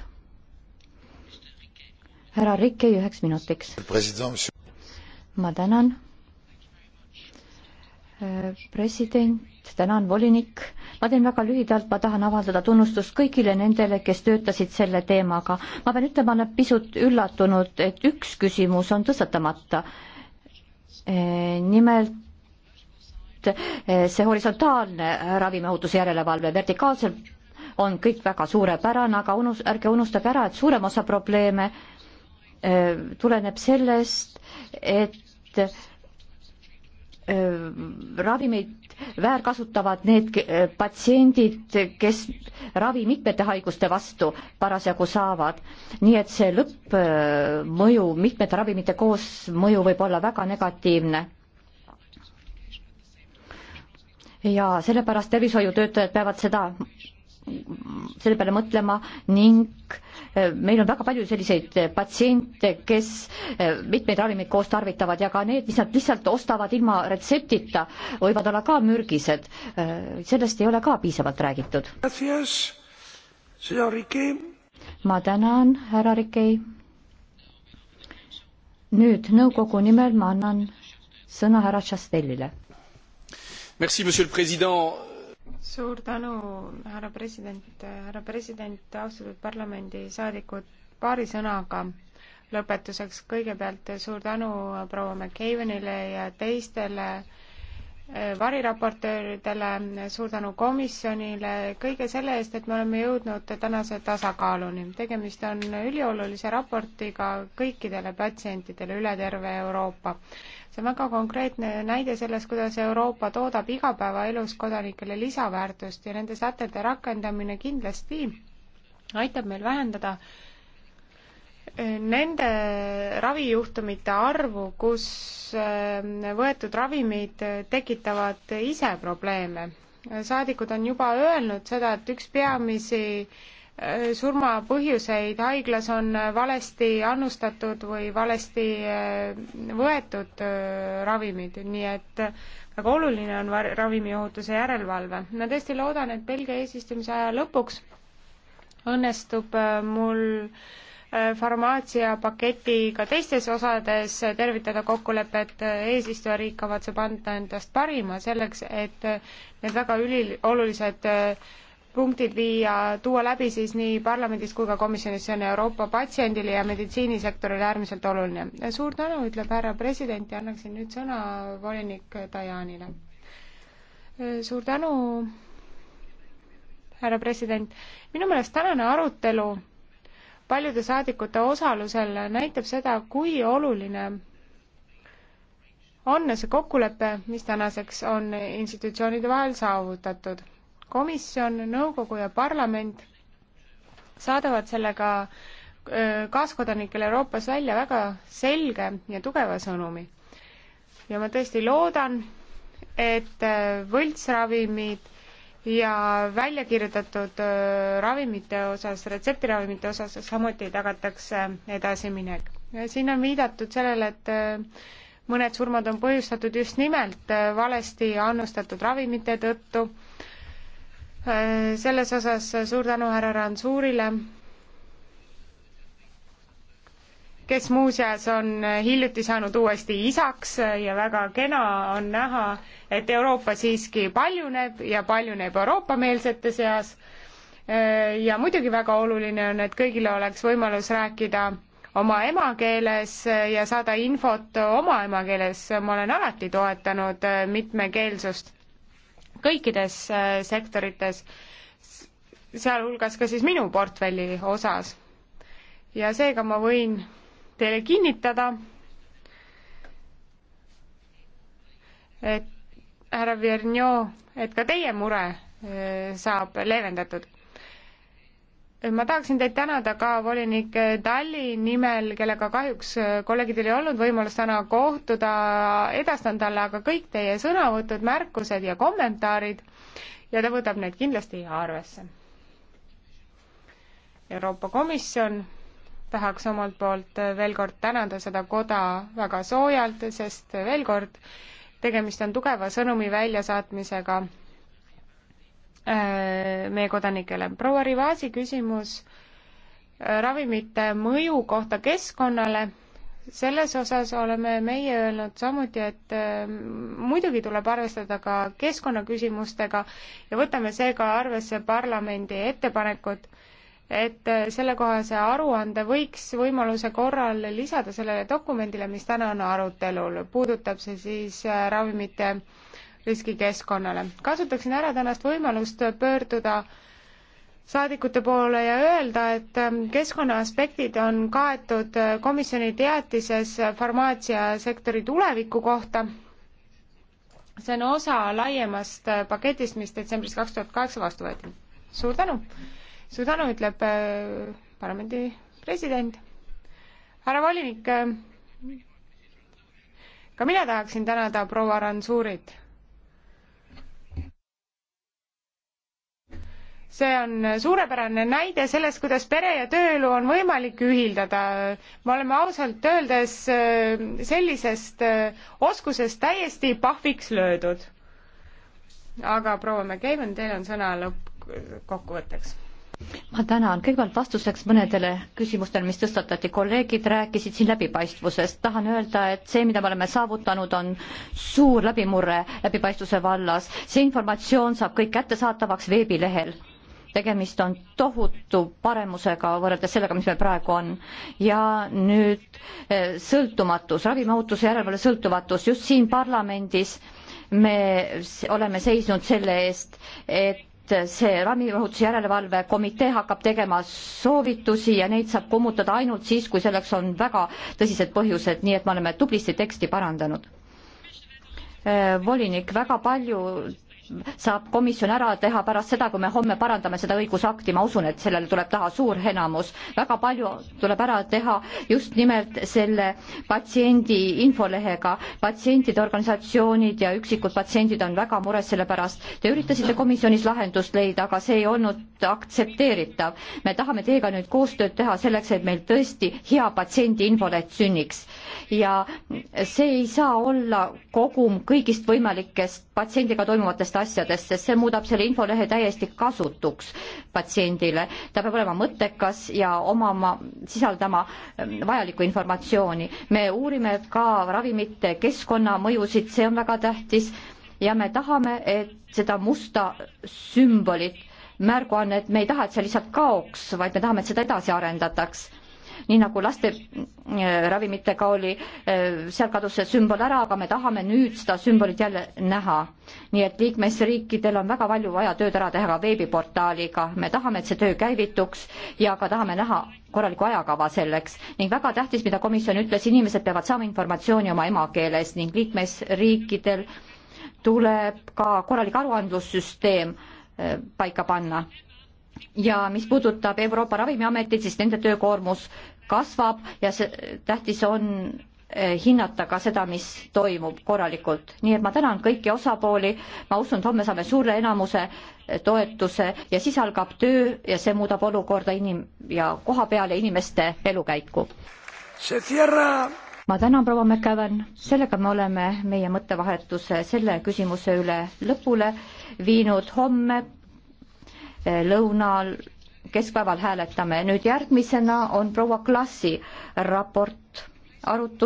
härra Rikkei üheks minutiks. ma tänan. Äh, president, tänan, volinik. ma teen väga lühidalt, ma tahan avaldada tunnustust kõigile nendele, kes töötasid selle teemaga. ma pean ütlema, olen pisut üllatunud, et üks küsimus on tõstatamata. Äh, nimelt et eh, see horisontaalne ravimiohutuse järelevalve vertikaalsel on kõik väga suurepärane, aga unus-, ärge unustage ära, et suurem osa probleeme eh, tuleneb sellest, et eh, ravimeid väärkasutavad need patsiendid, kes ravi mitmete haiguste vastu parasjagu saavad. nii et see lõppmõju, mitmete ravimite koosmõju võib olla väga negatiivne ja sellepärast tervishoiutöötajad peavad seda, selle peale mõtlema ning eh, meil on väga palju selliseid patsiente, kes eh, mitmeid ravimeid koos tarvitavad ja ka need, mis nad lihtsalt ostavad ilma retseptita, võivad olla ka mürgised. Eh, sellest ei ole ka piisavalt räägitud. ma tänan, härra Rikei. nüüd nõukogu nimel ma annan sõna härra Šastelile monsieur le président. suur tänu, härra president, härra president, austatud parlamendisaadikud, paari sõnaga lõpetuseks kõigepealt suur tänu proua McCavenile ja teistele variraportööridele, suur tänu komisjonile kõige selle eest, et me oleme jõudnud tänase tasakaaluni. tegemist on üliolulise raportiga kõikidele patsientidele üle terve Euroopa. see on väga konkreetne näide sellest, kuidas Euroopa toodab igapäevaelus kodanikele lisaväärtust ja nende sätete rakendamine kindlasti aitab meil vähendada nende ravijuhtumite arvu, kus ähm, võetud ravimid tekitavad ise probleeme. saadikud on juba öelnud seda, et üks peamisi äh, surmapõhjuseid haiglas on valesti annustatud või valesti äh, võetud äh, ravimid, nii et väga oluline on ravimiohutuse järelevalve. ma tõesti loodan, et Belgia eesistumise aja lõpuks õnnestub mul äh, farmaatsiapaketiga teistes osades, tervitada kokkulepet, eesistujariik kavatseb anda endast parima selleks, et need väga üli-, olulised äh, punktid viia, tuua läbi siis nii parlamendis kui ka komisjonis, see on Euroopa patsiendile ja meditsiinisektorile äärmiselt oluline. suur tänu, ütleb härra president ja annaksin nüüd sõna volinik Dajanile. suur tänu, härra president. minu meelest tänane arutelu paljude saadikute osalusel näitab seda, kui oluline on see kokkulepe, mis tänaseks on institutsioonide vahel saavutatud. komisjon, nõukogu ja parlament saadavad sellega kaaskodanikele Euroopas välja väga selge ja tugeva sõnumi. ja ma tõesti loodan, et võltsravimid ja välja kirjutatud äh, ravimite osas, retseptiravimite osas samuti tagatakse edasiminek. siin on viidatud sellele, et äh, mõned surmad on põhjustatud just nimelt äh, valesti annustatud ravimite tõttu. selles osas suur tänu härra Randsuurile kes muuseas on hiljuti saanud uuesti isaks ja väga kena on näha, et Euroopa siiski paljuneb ja paljuneb Euroopa-meelsete seas. ja muidugi väga oluline on, et kõigil oleks võimalus rääkida oma emakeeles ja saada infot oma emakeeles, ma olen alati toetanud mitmekeelsust kõikides äh, sektorites, sealhulgas ka siis minu portfelli osas. ja seega ma võin teile kinnitada, et härra Vernio, et ka teie mure eh, saab leevendatud. ma tahaksin teid tänada ka volinik Talli nimel, kellega kahjuks kolleegidel ei olnud võimalust täna kohtuda, edastan talle aga kõik teie sõnavõtud, märkused ja kommentaarid ja ta võtab need kindlasti arvesse. Euroopa Komisjon tahaks omalt poolt veel kord tänada seda koda väga soojalt, sest veel kord, tegemist on tugeva sõnumi väljasaatmisega äh, meie kodanikele. proua Rivasi küsimus äh, ravimite mõju kohta keskkonnale, selles osas oleme meie öelnud samuti, et äh, muidugi tuleb arvestada ka keskkonnaküsimustega ja võtame seega arvesse parlamendi ettepanekut et äh, sellekohase aruande võiks võimaluse korral lisada sellele dokumendile, mis täna on arutelul, puudutab see siis äh, ravimite riski keskkonnale. kasutaksin ära tänast võimalust pöörduda saadikute poole ja öelda, et ähm, keskkonnaaspektid on kaetud äh, komisjoni teatises farmaatsiasektori tuleviku kohta. see on osa laiemast paketist, mis detsembris kaks tuhat kaheksa vastu võeti. suur tänu! suur tänu, ütleb äh, parlamendi president. härra volinik, äh, ka mina tahaksin tänada proua Ransuurit. see on suurepärane näide sellest, kuidas pere ja tööelu on võimalik ühildada. me oleme ausalt öeldes äh, sellisest oskusest täiesti pahviks löödud. aga proua McCabe, teil on sõna lõppkokkuvõtteks ma tänan, kõigepealt vastuseks mõnedele küsimustele, mis tõstatati, kolleegid rääkisid siin läbipaistvusest, tahan öelda, et see, mida me oleme saavutanud, on suur läbimurre läbipaistvuse vallas, see informatsioon saab kõik kättesaadavaks veebilehel tegemist on tohutu paremusega võrreldes sellega, mis meil praegu on. ja nüüd eh, sõltumatus, ravimiohutuse järelevalve sõltumatus, just siin parlamendis me oleme seisnud selle eest, et see ravirohutuse järelevalve komitee hakkab tegema soovitusi ja neid saab kummutada ainult siis, kui selleks on väga tõsised põhjused, nii et me oleme tublisti teksti parandanud. Äh, volinik, väga palju saab komisjon ära teha pärast seda, kui me homme parandame seda õigusakti, ma usun, et sellele tuleb taha suur enamus. väga palju tuleb ära teha just nimelt selle patsiendi infolehega. patsientide organisatsioonid ja üksikud patsiendid on väga mures selle pärast. Te üritasite komisjonis lahendust leida, aga see ei olnud aktsepteeritav. me tahame teiega nüüd koostööd teha selleks, et meil tõesti hea patsiendi infoleht sünniks. ja see ei saa olla kogum kõigist võimalikest patsiendiga toimuvatest nendest asjadest, sest see muudab selle infolehe täiesti kasutuks patsiendile. ta peab olema mõttekas ja omama, sisaldama ähm, vajalikku informatsiooni. me uurime ka ravimite keskkonnamõjusid, see on väga tähtis ja me tahame, et seda musta sümbolit, märguannet, me ei taha, et see lihtsalt kaoks, vaid me tahame, et seda edasi arendataks nii nagu laste äh, ravimitega oli, äh, seal kadus see sümbol ära, aga me tahame nüüd seda sümbolit jälle näha. nii et liikmesriikidel on väga palju vaja tööd ära teha ka veebiportaaliga, me tahame, et see töö käivituks ja ka tahame näha korralikku ajakava selleks ning väga tähtis, mida komisjon ütles, inimesed peavad saama informatsiooni oma emakeeles ning liikmesriikidel tuleb ka korralik aruandlussüsteem äh, paika panna ja mis puudutab Euroopa Ravimiametit, siis nende töökoormus kasvab ja see tähtis on eh, hinnata ka seda, mis toimub korralikult. nii et ma tänan kõiki osapooli, ma usun, et homme saame suure enamuse eh, toetuse ja siis algab töö ja see muudab olukorda inim- ja koha peal ja inimeste elukäiku. ma tänan, proua McEwen, sellega me oleme meie mõttevahetuse selle küsimuse üle lõpule viinud homme Eh, lõunal keskpäeval hääletame. nüüd järgmisena on proua Klassi raport arutusel.